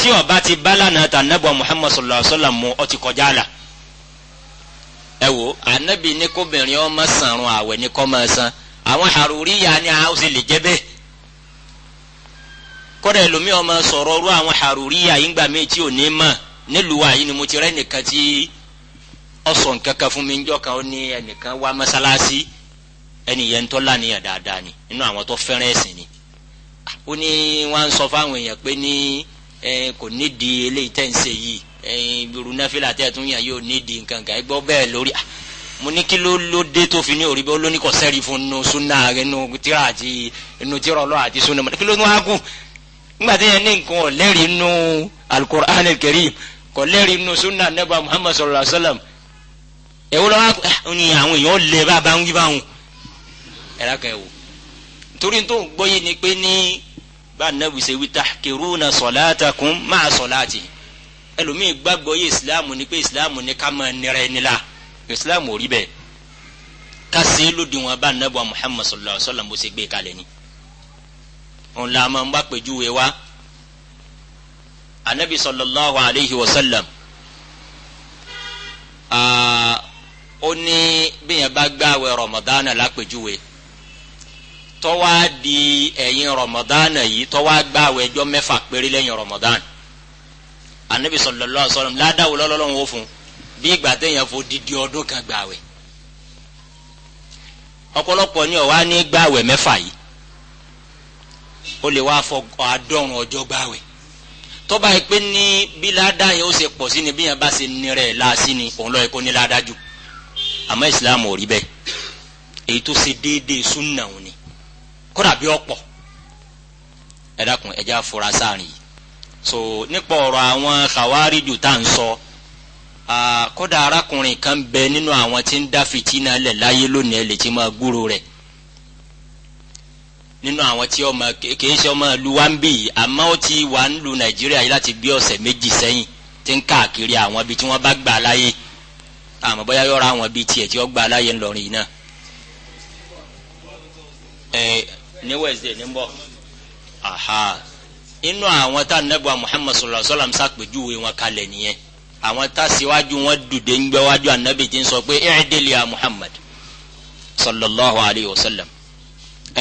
tí ó bá ti bá lánàá tà nàbọ̀ sallallahu alaihi wasallam mu ó ti kọjá la. Ewo. anabi ní kóbìnrin ọmọ sànrun àwẹ̀ ní kọ́ máa san àwọn haruriya ni a sì lè jẹ́ bẹ́ẹ̀ kọ́dà ẹlòmíì ọmọ sọ̀rọ̀ ru àwọn haruriya gbà mí tí ò ní mọ̀ nílùú ni mo ti rẹ́ nìkan tí ọ̀sọ̀ nkankan fún mi ń ó ní ẹnìkan wá mọ́sálásí ni inú àwọn tó ni ìgbèrú náfìlà tẹ́ ẹ̀ tún yàn yóò nídìí nǹkan kan ẹgbọ́ bẹ́ẹ̀ lórí ah, mo ní kí ló ló dé tó fi ní orí bẹ́ẹ̀ ló ní kò sẹ́rí fún inú súnà inú tíra àti inú tíra ọlọ́ àti súnà mọ̀ kí ló ní wàá kù nígbà tí yẹn ní nǹkan ọ̀lẹ́rìí inú al-Qur'an al kò lẹ́rìí inú súnà nẹ́bà Muhammad sallallahu alayhi wa sallam ẹ̀wọ́ lọ́wọ́ ah, ni àwọn èèyàn lè bá a bá ń yí báwọn ẹ̀rá kan ẹ̀wò torí tó ń gbọ́ yìí ni pé ní bá a nàbì ṣe wí tahkiruna salatakum ma'a salati ẹlòmíì gbàgbọ́ yé ìsìláàmù ni pé ìsìláàmù ni ká máa nira ẹni la ìsìláàmù ò rí bẹ́ẹ̀ ká ṣe é lòdì wọn bá nàbọ̀ Muhammad sallallahu alaihi wa sallam ṣe gbé kalẹ̀ ni òun la máa ń bá pèjúwe wa anabi sallallahu alaihi wa sallam ó ní bíyẹn bá gbààwẹ̀ Ramadana lápèjúwe tó wá di ẹ̀yìn Ramadana yìí tó wá gbààwẹ̀ ọjọ́ mẹ́fà péré lẹ́yìn Ramadana anabi sallallahu alaihi wasallam ládàá wọlọlọlọrun wò fún bí ìgbà téèyàn fò dídí ọdún kan gbààwẹ̀ ọ̀pọ̀lọpọ̀ ni ọwá ní gbààwẹ̀ mẹ́fà yìí ó lè wá fọ àádọ́rùn ọjọ́ gbààwẹ̀ tọ́ba yìí pé ní bí ládàá yẹn ó ṣe pọ̀ sí ni bí yẹn bá ṣe ní rẹ̀ láàṣì ni òun lọ́ọ́ yẹ kó ní ládàá jù àmọ́ ìsìlámù ò rí bẹ́ẹ̀ èyí tó ṣe déédéé súnà ni kódà bí ọ̀pọ̀ ẹ dákun ẹ já fura yìí so nípa ọ̀rọ̀ àwọn kàwáríjù tá à ń sọ kódà arákùnrin kan bẹ nínú àwọn tí ń dá fìtínà lẹ̀ láyé lónìí ẹ̀ lè ti máa gbúrò rẹ̀ nínú àwọn tí ọmọ kìí ṣe ọmọ ìlú wa ń bì yìí àmọ́ ó ti wà ń lu nàìjíríà yìí láti bí ọ̀sẹ̀ méjì sẹ́yìn tí ń káàkiri àwọn ibi tí wọ́n bá gbà láyé àmọ́ bóyá yọ̀ọ́ àwọn ibi tiẹ̀ tí wọ́n gbà láyé ńlọrin yìí náà. ẹ ní wẹ̀sídẹ̀ẹ́ ní bọ̀ aha inú àwọn tá nẹ́bù Muhammad sallallahu alaihi wasallam sàpèjúwe wọn kalẹ̀ nìyẹn àwọn tá síwájú wọn dùdé ń gbẹ wájú anabi ti ń sọ pé i'dil ya Muhammad sallallahu alaihi wasallam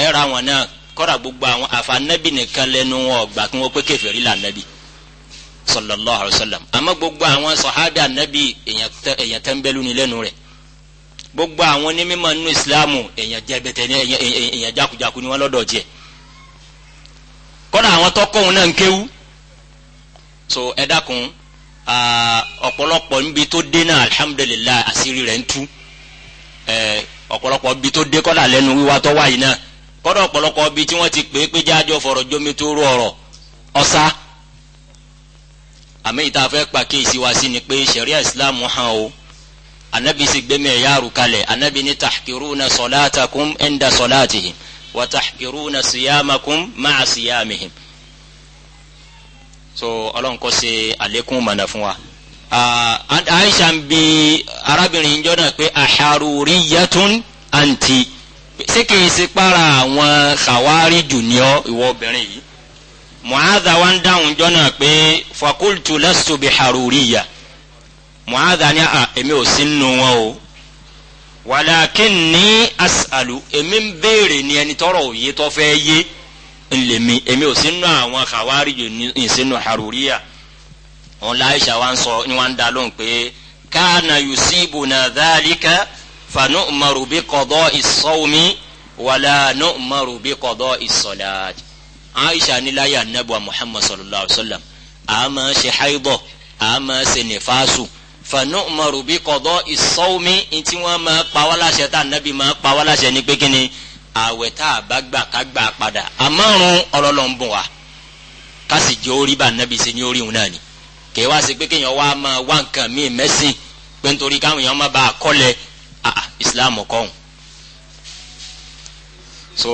ẹ ra wọn náà kọ́ra gbogbo àwọn àfànẹ́bì nìkan lẹ́nu wọn ọgbà kí wọ́n pé kèfèrí là nẹ́bì sallallahu alaihi wasallam àmọ́ gbogbo àwọn sọ̀hábì ànẹ́bì èèyàn tẹ́ńbẹ́lú ni lẹ́nu rẹ̀ gbogbo àwọn onímọ̀ nínú ìsìláàmù èèyàn jẹ́bẹ̀tẹ̀ ní kọ́dà àwọn tọ́kọ̀hún náà ń kéwú so ẹ dákun ọ̀pọ̀lọpọ̀ níbi tó dé náà alhamdulilayi àṣírí rẹ̀ ń tú ọ̀pọ̀lọpọ̀ níbi tó dé kọ́dà lẹ́nu wíwá tó wà yìí náà kọ́dà ọ̀pọ̀lọpọ̀ níbi tí wọ́n ti pè é pé jájọ fọ̀rọ̀ jómi tó rú ọ̀rọ̀ ọ̀sá àmì ìta fẹ́ pàkíyèsí wa sí ni pé sẹ̀ríà islam hàn o anabi sì gbẹ́mẹ̀ yàrá kalẹ̀ anabi ní tahkiruna salatakum inda salatihim wàtàkìrúnà síyámakum máa síyámihim. so ọlọ́run kó ṣe àlékún mọ̀nà fún wa. aisha ń bi arábìnrin ìjọ náà pé aharuriyatun anti ṣé kì í ṣe para àwọn kàwárí jù ní ọ ìwọ obìnrin yìí mu'adha wa ń dáhùn jọ náà pé fakultu lastu biharuriya mu'adha ni a ah, èmi ò sí nínú wọn o walakinni as'alu èmi ń béèrè ni ẹni tọrọ òye tó fẹ́ yé ńlẹmi èmi ò sínú àwọn khawarij ìsínú haruriya wọn láìsà wa ń sọ ni wọn ń da lóhùn pé kana yusibuna dhalika fanu'maru bi qada'i sawmi wala nu'maru bi qada'i salat aisha níláyà nabuwa muhammad sallallahu alaihi wa sallam àmà ṣe haidọ àmà ṣe nifasu fanu'maru bi qada'i sawmi ntí wọ́n máa pa wá láṣẹ tá ànábì máa pa wá láṣẹ ní pé kí ni àwẹ̀ tá a bá gbà ká gbà padà àmọ́run ọlọ́lọ́ ń bùn wa ká sì jẹ́ orí bá ànábì ṣe ní orí òun náà ni kì í wá sí pé kéèyàn wá máa wá nǹkan míì mẹ́sìn pé nítorí káwọn èèyàn má bàa kọ́lẹ̀ ah islam kọ́hún so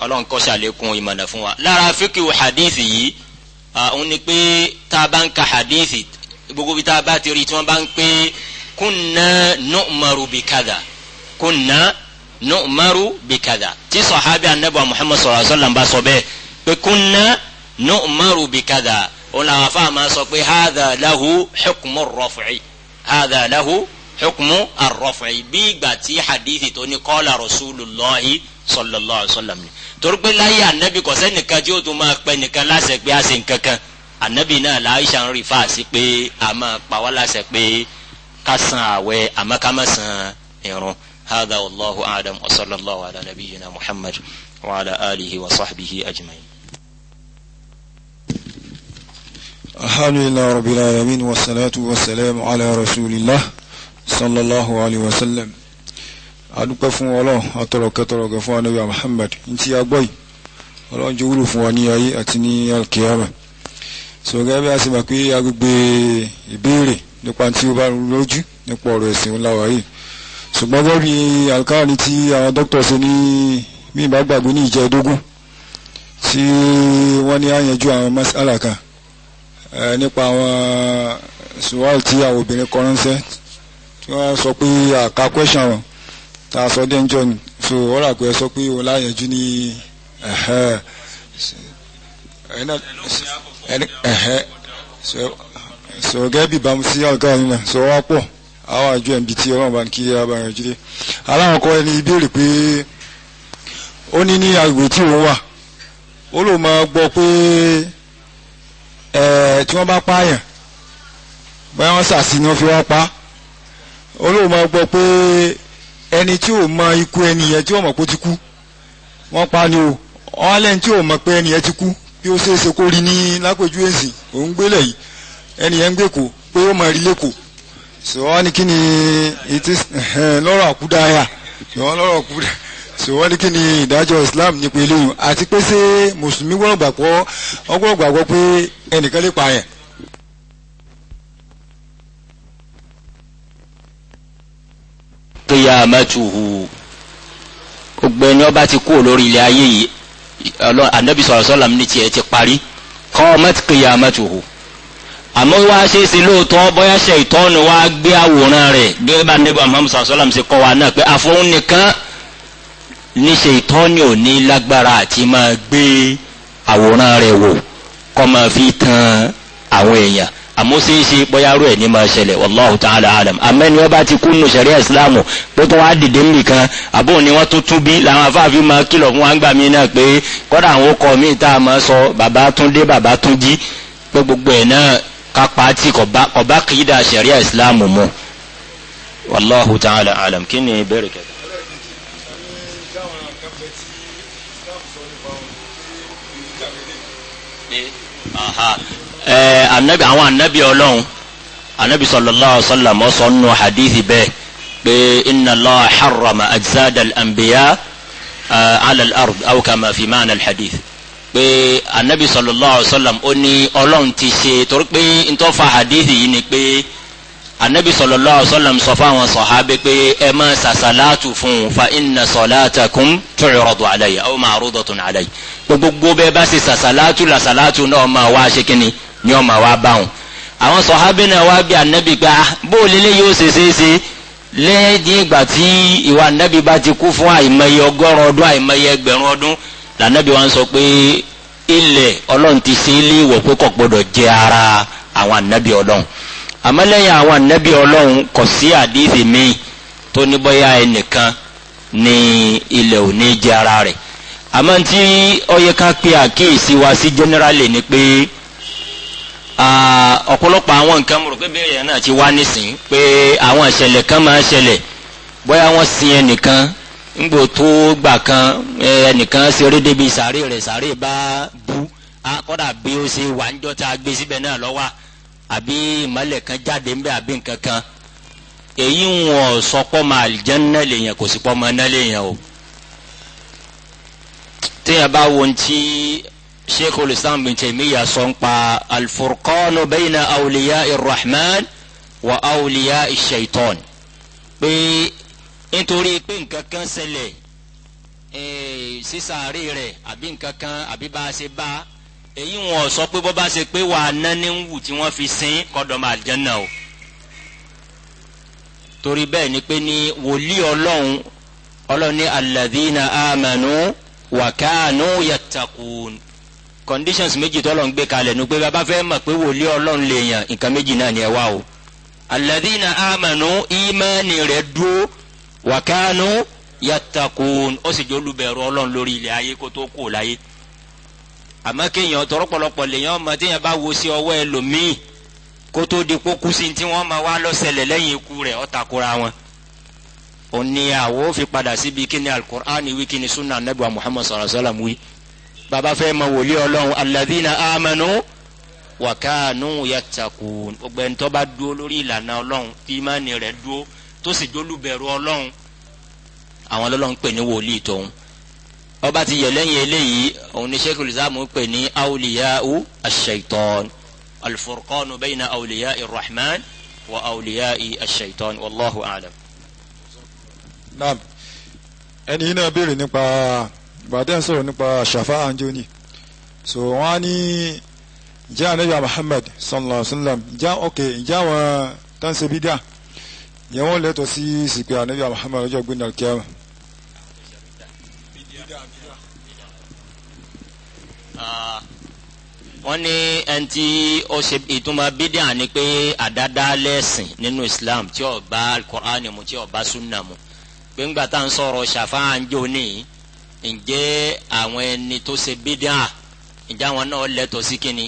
ọlọ́run kọ́ ṣàlékún ìmọ̀nà fún wa lára fíkì hadithi yìí òun ni pé tá a bá ń ka hadithi gbogbo bí tá a bá ti rí tí wọ́n bá ń pè kunna nu'maru bi kada kunna nu'maru bi kada tí sọ̀hábì anábọ̀ muhammad sallallahu alaihi wasallam bá sọ bẹ́ẹ̀ pé kunna nu'maru bi kada ó làwọn afáàmà sọ pé hadha lahu hukmu rọfì hadha lahu hukmu arọfẹ bí ìgbà hadithi tó ní kọ́lá rasulillahi sallallahu alayhi wa sallam anabi kò sẹ́nìkan tí ó tún máa pẹ́ nìkan láṣẹ pé anabi náà láìsàn rí fáàsì pé a máa pa wá láṣẹ pé ká san àwẹ̀ àmọ́ ká má san irun hadha wallahu a'lam wa sallallahu ala nabiyyina muhammad wa ala alihi wa sahbihi ajma'in. alhamdulillah rabbil alamin wa salatu wa salam ala rasulillah sallallahu alayhi wa sallam adúpẹ́ fún ọlọ́run atọ̀rọ̀kẹ́tọ̀rọ̀kẹ́ fún anabi muhammad ntí agbọ́yì ọlọ́run jẹ́ wúlò fún wa ní ayé so gẹ́gẹ́ bí a ṣe mọ̀ pé agbègbè ìbéèrè nípa tí ó bá lójú nípa ọ̀rọ̀ ẹ̀sìn ńlá wa yìí ṣùgbọ́n gẹ́gẹ́ bí alkaali tí àwọn dókítà ṣe ní mí ìbá gbàgbé ní ìjẹ́dógún tí wọ́n ní àyànjú àwọn masala kan nípa àwọn sùwárì tí àwọn obìnrin kọ ránṣẹ́ tí wọ́n sọ pé àka kwẹ́sàn wọn tá a sọ dé ń jọ ni so ọ̀rọ̀ àpẹ sọ pé òun láyànjú ní ẹ̀hẹ́ ẹ̀hẹ́ ẹni sọ gẹ́gẹ́ bí ìbámu sí ọ̀gá sọ ju pọ̀ tí ọlọ́run bá ń kí aláwọn ẹni ìbéèrè pé ó ní ní agbègbè tí òun wà ó lò máa pé tí wọ́n bá pààyàn bóyá wọ́n ni fi pa ẹni tí o iku tí ti ni o o pe bí ó ṣe é ṣe kó rí ní lápèjú èsì òun gbélé yìí ẹnìyẹn ń gbé kó pé ó máa rí lẹ́kọ̀ọ́ sọ wọ́n kí ni ètí lọ́rọ̀ àkúdáyà sọ lọ́rọ̀ àkúdáyà sọ wọ́n ní kí ni ìdájọ́ Islam nípa eléyìí àti pé ṣé mùsùlùmí wọ́n gbàgbọ́ ọgbọ́n gbàgbọ́ pé ẹnìkan lè pààyàn. qiyamatuhu gbogbo ẹni ọba ti kú lórí ilẹ̀ ayé yìí anabi sọ̀rọ̀ sọ́làm ní tiẹ̀ ti parí qamat qiyamatuhu àmọ́ wá ṣe é ṣe lóòótọ́ bóyá ṣe ìtọ́nu wá gbé àwòrán rẹ̀ gẹ́gẹ́ bá anabi muhammad sọ̀rọ̀ ṣe kọ́ wa náà pé àfọwọ́n nìkan níṣe ìtọ́ni ò ní lágbára àti máa gbé àwòrán rẹ̀ wò kọ́ máa fi tan àwọn èèyàn àmúṣeéṣe bóyá rú ẹ̀ ní máa ṣẹlẹ̀ wallahu ta'ala alam amẹ́ni wọ́n bá ti kú nù sẹ̀ríà ìsìláàmù pé kí wọ́n á dìde nìkan àbò ni wọ́n tún tún bí làwọn afáàfin máa kìlọ̀ fún wa ń gbà mí náà pé kọ́dà àwọn ọkọ mi tá a máa sọ bàbá tún dé bàbá tún jí pé gbogbo ẹ̀ náà kápá tí kò bá kìídà sẹ̀ríà ìsìláàmù mu wallahu ta'ala alam kí ni ìbéèrè kẹta. aha anabi àwọn anabi ọlọ́run anabi sallallahu alaihi wa sallam ó sọ nínú hadithi bẹ́ẹ̀ pé inna Allah harrama ajzada al-anbiya ala al-ard aw kama fi ma'na al-hadith pé anabi sallallahu alaihi wa sallam ó ní ọlọ́run ti ṣe torí pé ntọ́fà hadithi yìí ni pé anabi sallallahu alaihi wa sallam sọ fáwọn sọ̀hábẹ́ pé ẹ máa sàṣàlátù fún un fa inna salatakum tu'radu alayya aw ma'rudatun alayya gbogbo bẹ́ẹ̀ bá ṣe sàṣàlátù làṣàlátù náà máa wá ṣe kínní ní ọmọ wa bá wọn àwọn sọ̀hábí náà wá bí ànábì gba ah, bó lélẹ́ yóò ṣe ṣe é ṣe lẹ́yìn ìgbà tí ìwà ànábì bá ti kú fún àìmọye ọgọ́rùn ọdún àìmọye ẹgbẹ̀rún ọdún lànábì wa ń sọ pé ilẹ̀ ọlọ́run ti ṣe ilé ìwọ̀ pé kò gbọdọ̀ jẹ ara àwọn ànábì ọlọ́run àmọ́ lẹ́yìn àwọn ànábì ọlọ́run kò sí àdíìsì míì tó ní bóyá ẹnìkan ní ilẹ̀ ò ní jẹ ara rẹ̀ àmọ́ tí ó ká pe àkíyèsí wa sí generally ni pé. Si ọ̀pọ̀lọpọ̀ àwọn nǹkan mo rò pé bẹ́ẹ̀ yẹn náà ti wá nísìnyí pé àwọn ìṣẹ̀lẹ̀ kan máa ń ṣẹlẹ̀ bóyá wọ́n sin ẹnìkan ńgbò tó gbà kan ẹnìkan ṣeré débi sàárè rẹ̀ sàárè bá bú akọ́dà bí ó ṣe wà níjọ́ tá a gbé síbẹ̀ náà lọ́wọ́ àbí ìmọ̀lẹ̀ kan jáde ńbẹ̀ àbí nǹkan kan èyí wọn sọpọ́ máa àlìjẹ́nà lèèyàn kò sí pọ́ mọ́ ẹ̀ náà lèèyàn o téèyàn bá wo ohun sheikhul islam bin taymiya sọ ń pa alfurqanu bayna awliya irrahman wa awliya ishaitan pé nítorí pé nǹkan kan ṣẹlẹ̀ sísàárè rẹ̀ àbí nǹkan kan àbí bá a ṣe bá èyí wọn sọ pé bọ́ bá ṣe pé wà á ná wù tí wọ́n fi sin kọ́dọ̀mọ àlùjánnà o torí bẹ́ẹ̀ ni pé ní wòlíì ọlọ́run ọlọ́run ní alladhina amanu wa kanu conditions méjì tọ́lọ̀ ń gbé kalẹ̀ nu pé bàbá fẹ́ mọ̀ pé wòlíì ọlọ́run lè yàn nǹkan méjì náà ni ẹ wá o alladhina amanu ìmánì rẹ̀ dúró wa kanu yattaqun ó sì jẹ́ olùbẹ̀rù ọlọ́run lórí ilẹ̀ ayé kó tó kù láyé àmọ́ kéèyàn tọ́rọ́pọ̀lọpọ̀ lèèyàn ọmọ téèyàn bá wo sí ọwọ́ ẹlòmíì kó tó di kókú sí tí wọ́n máa wá lọ́sẹ̀lẹ̀ lẹ́yìn ikú rẹ̀ ọ̀tàkùrà wọn òní fi padà síbi kíni alukur'an wí kíni sunna anabi wa muhammad sallallahu alayhi wa sallam wí bàbá fẹ́ mọ wòlíì ọlọ́run alladhina amanu wa kanu yattaqun gbogbo ẹni tó bá dúró lórí ìlànà ọlọ́run tí ìmánì rẹ̀ dúró tó sì jólúbẹ̀rù ọlọ́run àwọn ọlọ́run pè ní wòlíì tóun ọba ti yẹ lẹ́yìn eléyìí òun ni sheikh olùsàmù pè ní awliya'u ash-shaytan al-furqanu bayna wa awliya'i ash-shaytan wallahu a'lam. naam ẹni yìí náà béèrè nípa gbàdẹ́ sọ̀rọ̀ nípa ṣàfà àǹjọ́ni so wọ́n á ní ǹjẹ́ anabi muhammad sallallahu alayhi wa sallam ǹjẹ́ ok ǹjẹ́ àwọn tán ṣe bídà yẹn wọ́n lẹ́tọ̀ sí ìsìnkú anabi muhammad ọjọ́ gbé nàìjíríà kíámà. wọ́n ní ẹni tí ó ṣe ìtumọ̀ bídà ni pé àdáda lẹ́sìn nínú islam tí ó bá Qur'an mu tí ó bá sunna mu pé ńgbà tá à ń sọ̀rọ̀ ṣàfà àǹjọ́ni yìí ǹjẹ́ àwọn ẹni tó ṣe bídà ǹjẹ́ àwọn náà lẹ́tọ̀ọ́ sí kínní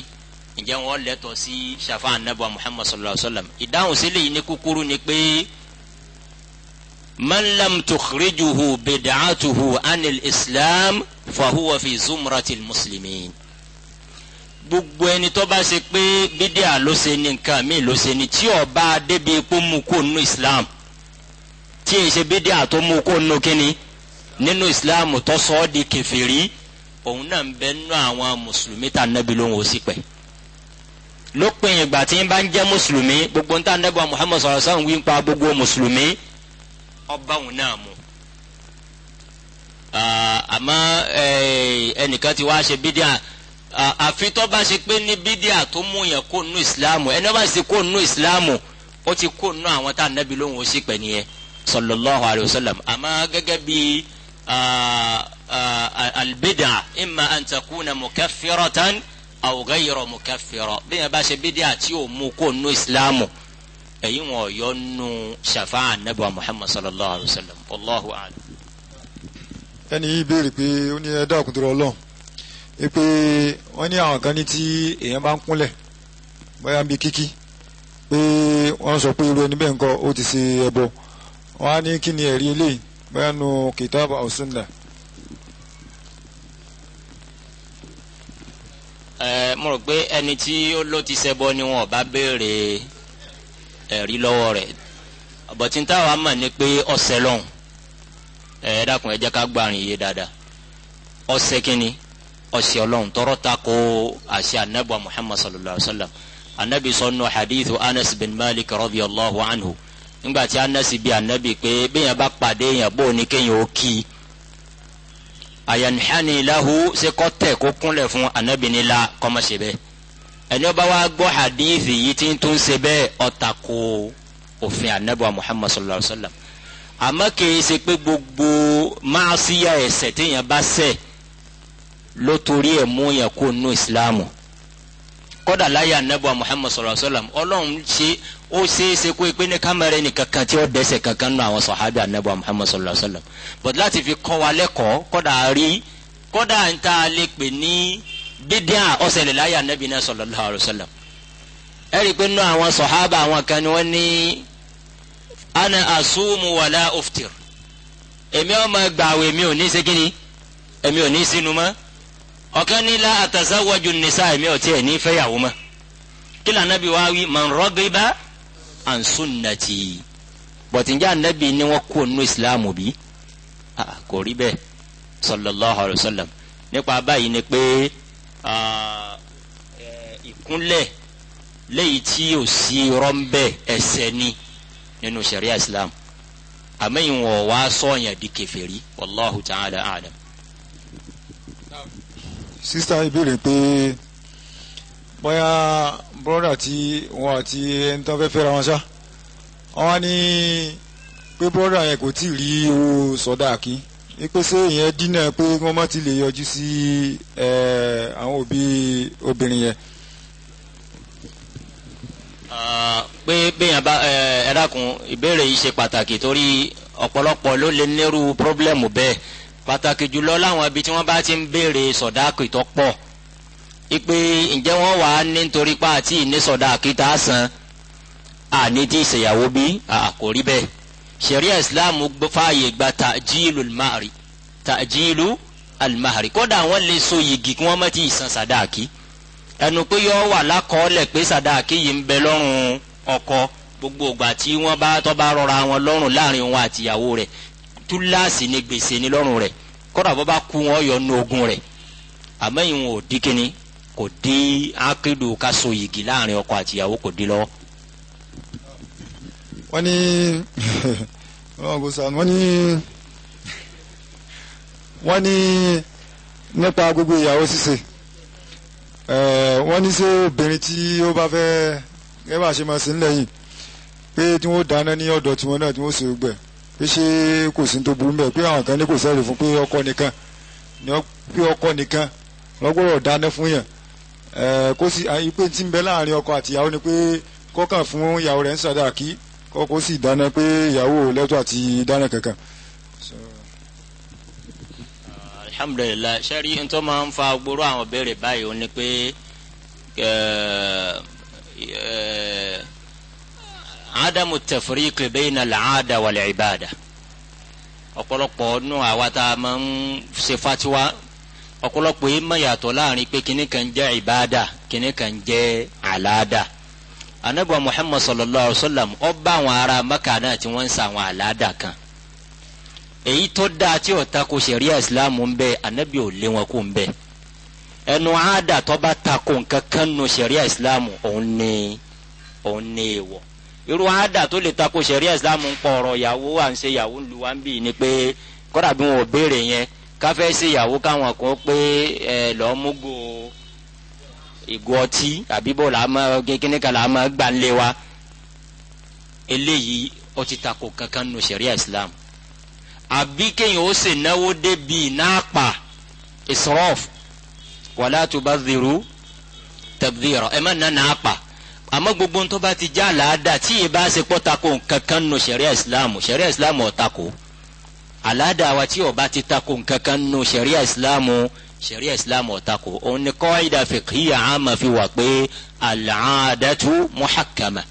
ǹjẹ́ wọ́n lẹ́tọ̀ọ́ sí ṣàfà anábọ̀ muhammad sallallahu alayhi wa sallam ìdáhùn sílẹ̀ yìí ní kúkúrú ni pé man lam tukhrijuhu bid'atuhu anil islam fahuwa fi zumratil muslimin gbogbo ẹni tó bá ṣe pé bídíà ló ṣe ní nǹkan míì ló ṣe ní tí ó bá débi pé mú kó nù islam tí èyí ṣe bídíà tó mú kó nù kínní nínú islam tó sọ ọ́ di kèfèrí òun náà ń bẹ nínú àwọn mùsùlùmí tá nẹ́bi ló ń wò sí pẹ̀ lópin ìgbà tí ń bá ń jẹ́ mùsùlùmí gbogbo ń tà nẹ́bi wa muhammed sọ̀rọ̀ sọ̀rọ̀ wí ń pa gbogbo mùsùlùmí ọba òun náà mu àmọ́ ẹnìkan ti wá ṣe bídíà àfi bá ṣe pé ní bídíà tó mú yẹn kó nínú ìsìláàmù ẹni bá ṣe kó nínú ìsìláàmù ó ti kó nínú àwọn tá nẹ́bi ló ń wò sí pẹ̀ nìyẹn sallallahu alayhi wa sallam àmọ́ gẹ́gẹ́ bíi البدع إما أن تكون مكفرة أو غير مكفرة bí yẹn bá ṣe bid'a tí o mú kó nu islamu èyí wọn yọ nu shafa'a nabi ẹni yìí pé ó ní ẹ dákun tó rọ pé wọn ní àwọn kan ní tí èèyàn bá ń kúnlẹ̀ bóyá ń bi kíkí pé wọn sọ pé irú ẹni bẹ́ẹ̀ ń kọ́ ó ti ṣe ẹbọ wọn á ní kí ni ẹ̀rí eléyìí bóyá nu kìtàbù aw sunnah. ẹ mo rò pé ẹni tí ó ló ti ṣẹbọ ni wọn bá béèrè ẹ̀rí lọ́wọ́ rẹ̀ bọ̀tí táwa mọ̀ ni pé ọ̀sẹ̀ lọ́hùn ẹ dákun ẹ jẹ́ ká gbàrin yé dáadáa ọ̀sẹ̀ kínní ọ̀sẹ̀ ọlọ́hùn tọrọ ta ko àṣẹ anabi wa muhammad sallallahu alaihi wa sallam anabi sọnù hadithu anas bin malik radiyallahu anhu nígbàtí anasi bi anabi pé bẹ́yàn bá pàdé yàn bó ni kéèyàn ó kí i lahu se kọ́ tẹ̀ kó kúnlẹ̀ fún anabi ni la kọ́mọ̀ṣe bẹ́ẹ̀ ẹni ọba wa gbọ́ hadithi yìí tí ń tún ṣe òfin anabi wa muhammad sallallahu alayhi wa sallam àmọ́ kìí ṣe pé gbogbo máa ṣíyà ẹ̀ṣẹ̀ téèyàn bá ṣẹ̀ ló torí ẹ̀ mú yàn kó No kọ́dà láyé anabuwa muhammad sallallahu alayhi wa sallam ọlọ́run ṣe ó ṣeéṣe kó pé ní kámẹ́rà ẹni kankan tí ó dẹ́sẹ̀ kankan nù àwọn sọ̀hábì anabuwa muhammad sallallahu alayhi wa sallam but láti fi kọ́ wa lẹ́kọ̀ọ́ kọ́dà rí kọ́dà ń ta lè pè ní bídíà ó ṣẹlẹ̀ láyé anabi náà sallallahu alayhi wa sallam ẹ rí i pé nínú àwọn sọ̀hábà àwọn kan wọ́n ní ana asumu wala uftir èmi ò máa gbààwẹ̀ ò ní ṣe kíni èmi ò ní sínú mọ́ ọ̀kan ní la àtàzáwọ́jú nìsa ẹ̀mí ọ̀tí ẹ̀ ní fẹ́yàwó mọ́ kí lànà bí wàá wí man ragiba an sunnati bọ̀tìjà nàbí ni wọ́n kú nínú ìsìláàmù bí kò rí bẹ́ẹ̀ sallallahu alayhi wa sallam nípa báyìí ni pé ìkúnlẹ̀ léyìí tí ò sí rọ́ńbẹ́ ẹ̀ṣẹ̀ ni nínú ṣẹ̀ríà ìsìláàmù àmẹ́yìn wọ̀ wá sọ̀yàn di kèfèrí wallahu ta'ala a'lam. Sista ìbéèrè pé bóyá bọ́dà tí wọn àti ẹni tán fẹ́ẹ́ fẹ́ra wọn ṣá wọn ní pé bọ́dà yẹn kò tí ì rí owó sọ̀dá kí pé ṣé ìyẹn dínà pé wọ́n má ti lè yọjú sí àwọn òbí obìnrin yẹn. pé béèyàn bá ẹ ìbéèrè yìí ṣe pàtàkì torí ọ̀pọ̀lọpọ̀ ló lè nírú pírọ́blẹ́mù bẹ́ẹ̀ pàtàkì jùlọ láwọn ibi tí wọ́n bá ti ń béèrè sọ̀dáàkì tó pọ̀ ipe ǹjẹ́ wọ́n wà á ní nítorí pa àti ìní sọ̀dáàkì tá a san àní tí ìṣèyàwó bí kò rí bẹ́ẹ̀ ṣẹ̀ríà islam fààyè gba tàjílù almahari tàjílù almahari kódà wọ́n lè so yìgì kí wọ́n má ti san sàdáàkì ẹnu pé yọ wà lákọọ́lẹ̀ pé sàdáàkì yìí ń bẹ lọ́rùn ọkọ gbogbo ìgbà tí wọ́n bá tọ́ bá rọra wọn lọ́rùn láàrin wọn àtìyàwó rẹ̀ túláàsì ni gbèsè ni lọ́rùn rẹ̀ kódà bó bá kú wọn yọ nu ogun rẹ̀ àmọ́ ìwọn ò di kíni kò di akédo ká so yìgì láàrin ọkọ àtìyàwó kò di lọ́wọ́. wọ́n ní ọlọ́run kò sànù wọ́n ní wọ́n ní nípa gbogbo ìyàwó ṣíṣe wọ́n ní ṣé obìnrin tí ó bá fẹ́ ẹ bá ṣe máa ṣe ńlẹ̀ yìí pé tí wọ́n dáná ní ọ̀dọ̀ tiwọn náà tí wọ́n ṣe gbẹ̀ ṣé kò sí tó burú mẹ́ pé àwọn kan ní kò sẹ́rì fún pé ọkọ nìkan pé ọkọ nìkan lọ́gbọ́dọ̀ dáná fún yàn kó sì pé tí ń bẹ láàrin ọkọ àti ìyàwó ni pé kọ́kàn fún ìyàwó rẹ̀ ń sàdáàkí kọ́kọ́ sì dáná pé ìyàwó lẹ́tọ́ àti dáná kankan. alhamdulillah sẹ́rí ń tọ́ máa ń fa gbóró àwọn béèrè báyìí ó ní pé adamu tafriqi bayna al-aada wal-ibada ọ̀pọ̀lọpọ̀ nù àwa tá a máa ń ṣe fatiwa ọ̀pọ̀lọpọ̀ yìí mọ̀ yàtọ̀ láàrin pé kinní kan jẹ́ ìbáadà kinní kan jẹ́ àláàdà anabi muhammad sallallahu alaihi wa sallam ó bá àwọn ará maka náà tí wọ́n ń sa àwọn àláàdà kan èyí tó dáa tí ó tako sẹ̀ríà ìsìláàmù ń bẹ anabi ò lé wọn kó ń bẹ ẹnu àádà tó bá tako nǹkan kan nù sẹ̀ríà òun ní òun ní èèwọ̀ irú àádà tó lè tako sẹ̀ríà islam ń pọ̀ ọ̀rọ̀ ìyàwó à ń ṣe ìyàwó ń lu wa ń bì ní pé kọ́dà bí wọn ò béèrè yẹn káfẹ́ ṣe ìyàwó káwọn kan pé ẹ lọ́ọ́ múgò ìgò ọtí àbí là á mọ kíní kan là á mọ gbà ń lé wa eléyìí ó ti tako kankan nù sẹ̀ríà islam àbí kéèyàn ó sì náwó débi náà pa israf wàlá tubadhiru tabdhira ẹ má nà náà pa àmọ́ gbogbo ntọ́ bá ti já àlàáda tí yìí bá ṣe pọ́tako nkankan nù sẹ̀ríà ìsìláàmù sẹ̀ríà ìsìláàmù ọ̀tako àlàáda wa tí ó bá ti tako nkankan nù sẹ̀ríà ìsìláàmù sẹ̀ríà ìsìláàmù ọ̀tako òun ni kọ́ìdà fìkìyà àmà fi wà pé àlàádàtú muhakkama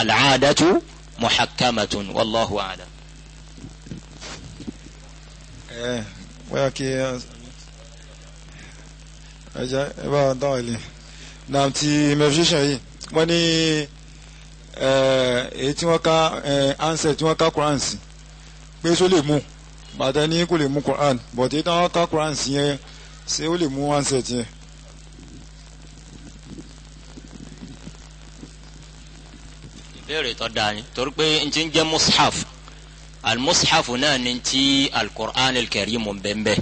àlàádàtú muhakkamatun wallahu a'lam. ẹ wáyà kí ẹ jẹ ẹ bá dáwọ ilé náà ti mẹfíṣẹ yìí wọ́n ní èyí tí wọ́n ká ansẹ̀ tí wọ́n ká Quran sí pé só lè mú bàtà ní kò lè mú Quran but èyí tí wọ́n ká Quran sí yẹn ṣé ó lè mú ansẹ̀ tiẹ̀. ìbéèrè tó dáa ni torí pé n ti ń jẹ́ mushaf al-mushaf náà ni ti al-Qur'an al-Karim bẹ́ẹ̀ bẹ́ẹ̀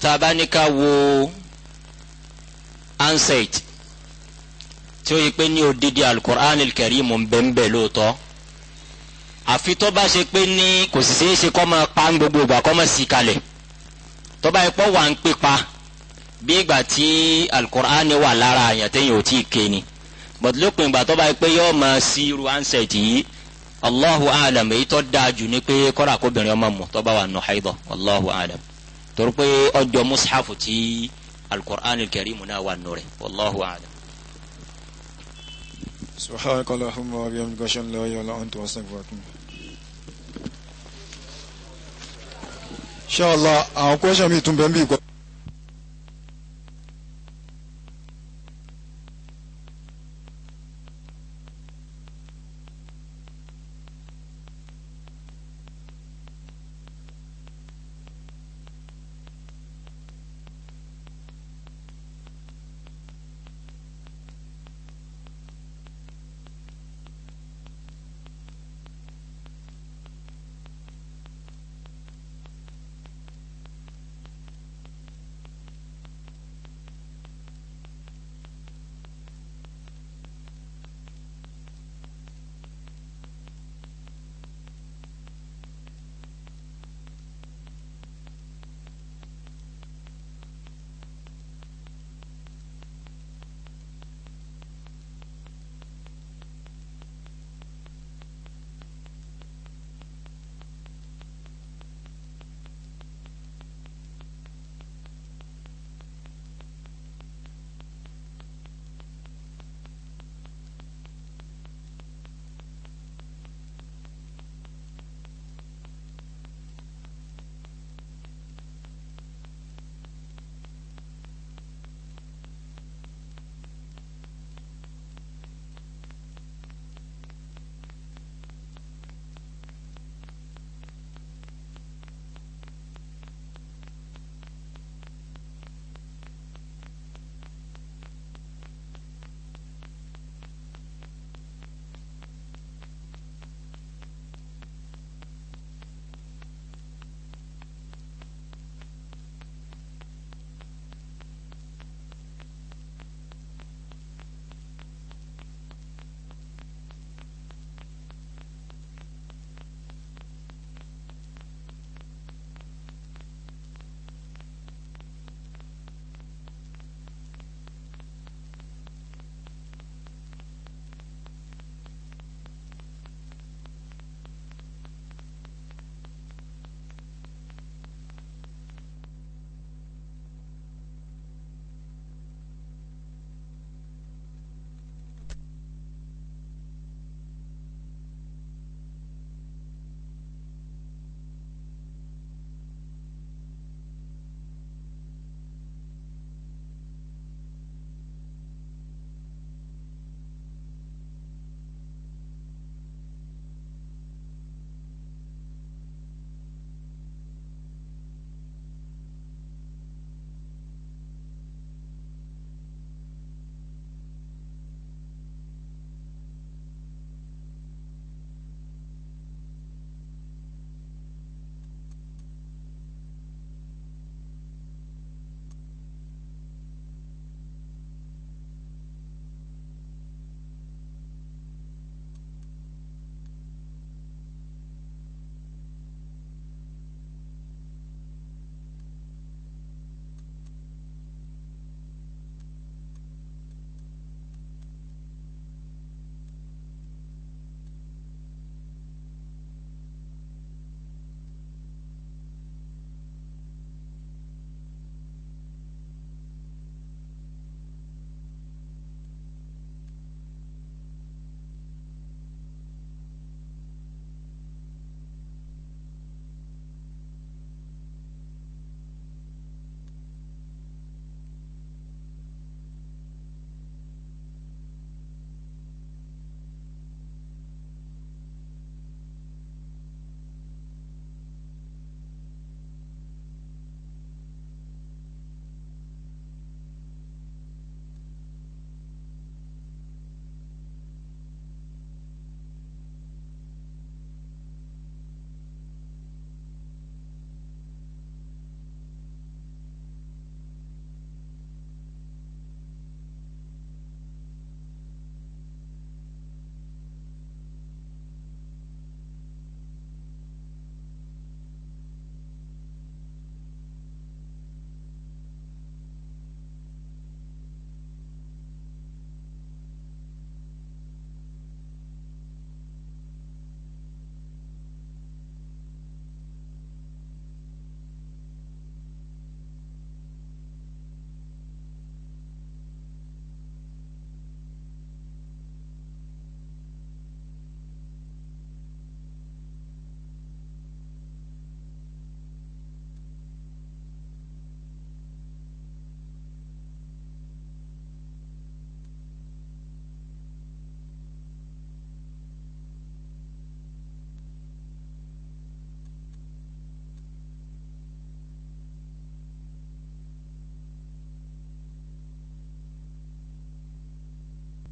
tá a bá ní ká wo ansẹ̀tì tí ó yẹ pé ní odidi alukur'an karim bẹ́ẹ̀nbẹ́ẹ́ lóòótọ́ àfi tó bá ṣe pé ní kò sì ṣeé ṣe kọ́ máa pa gbogbo ìgbà kọ́ máa sì kalẹ̀ tó bá yẹ pé wà ń pè pa bí ìgbà tí alukur'an wà lára àyàn téèyàn ò tí ì ké ni bọ̀dé lópin ìgbà tó bá yẹ pé yóò máa sí irú ansẹ̀tì yìí allahu alam èyí tó dáa jù ni pé kọ́ra kóbìnrin ọmọ mọ̀ tó bá wà nù haidọ̀ allahu alam torí pé ọjọ́ mushafu ti alukur'an karim náà wà nù rẹ̀ allahu alam. سبحانك اللهم وبحمدك اشهد ان لا اله الا انت استغفرك inshallah àwọn question mi tún bẹ ń bí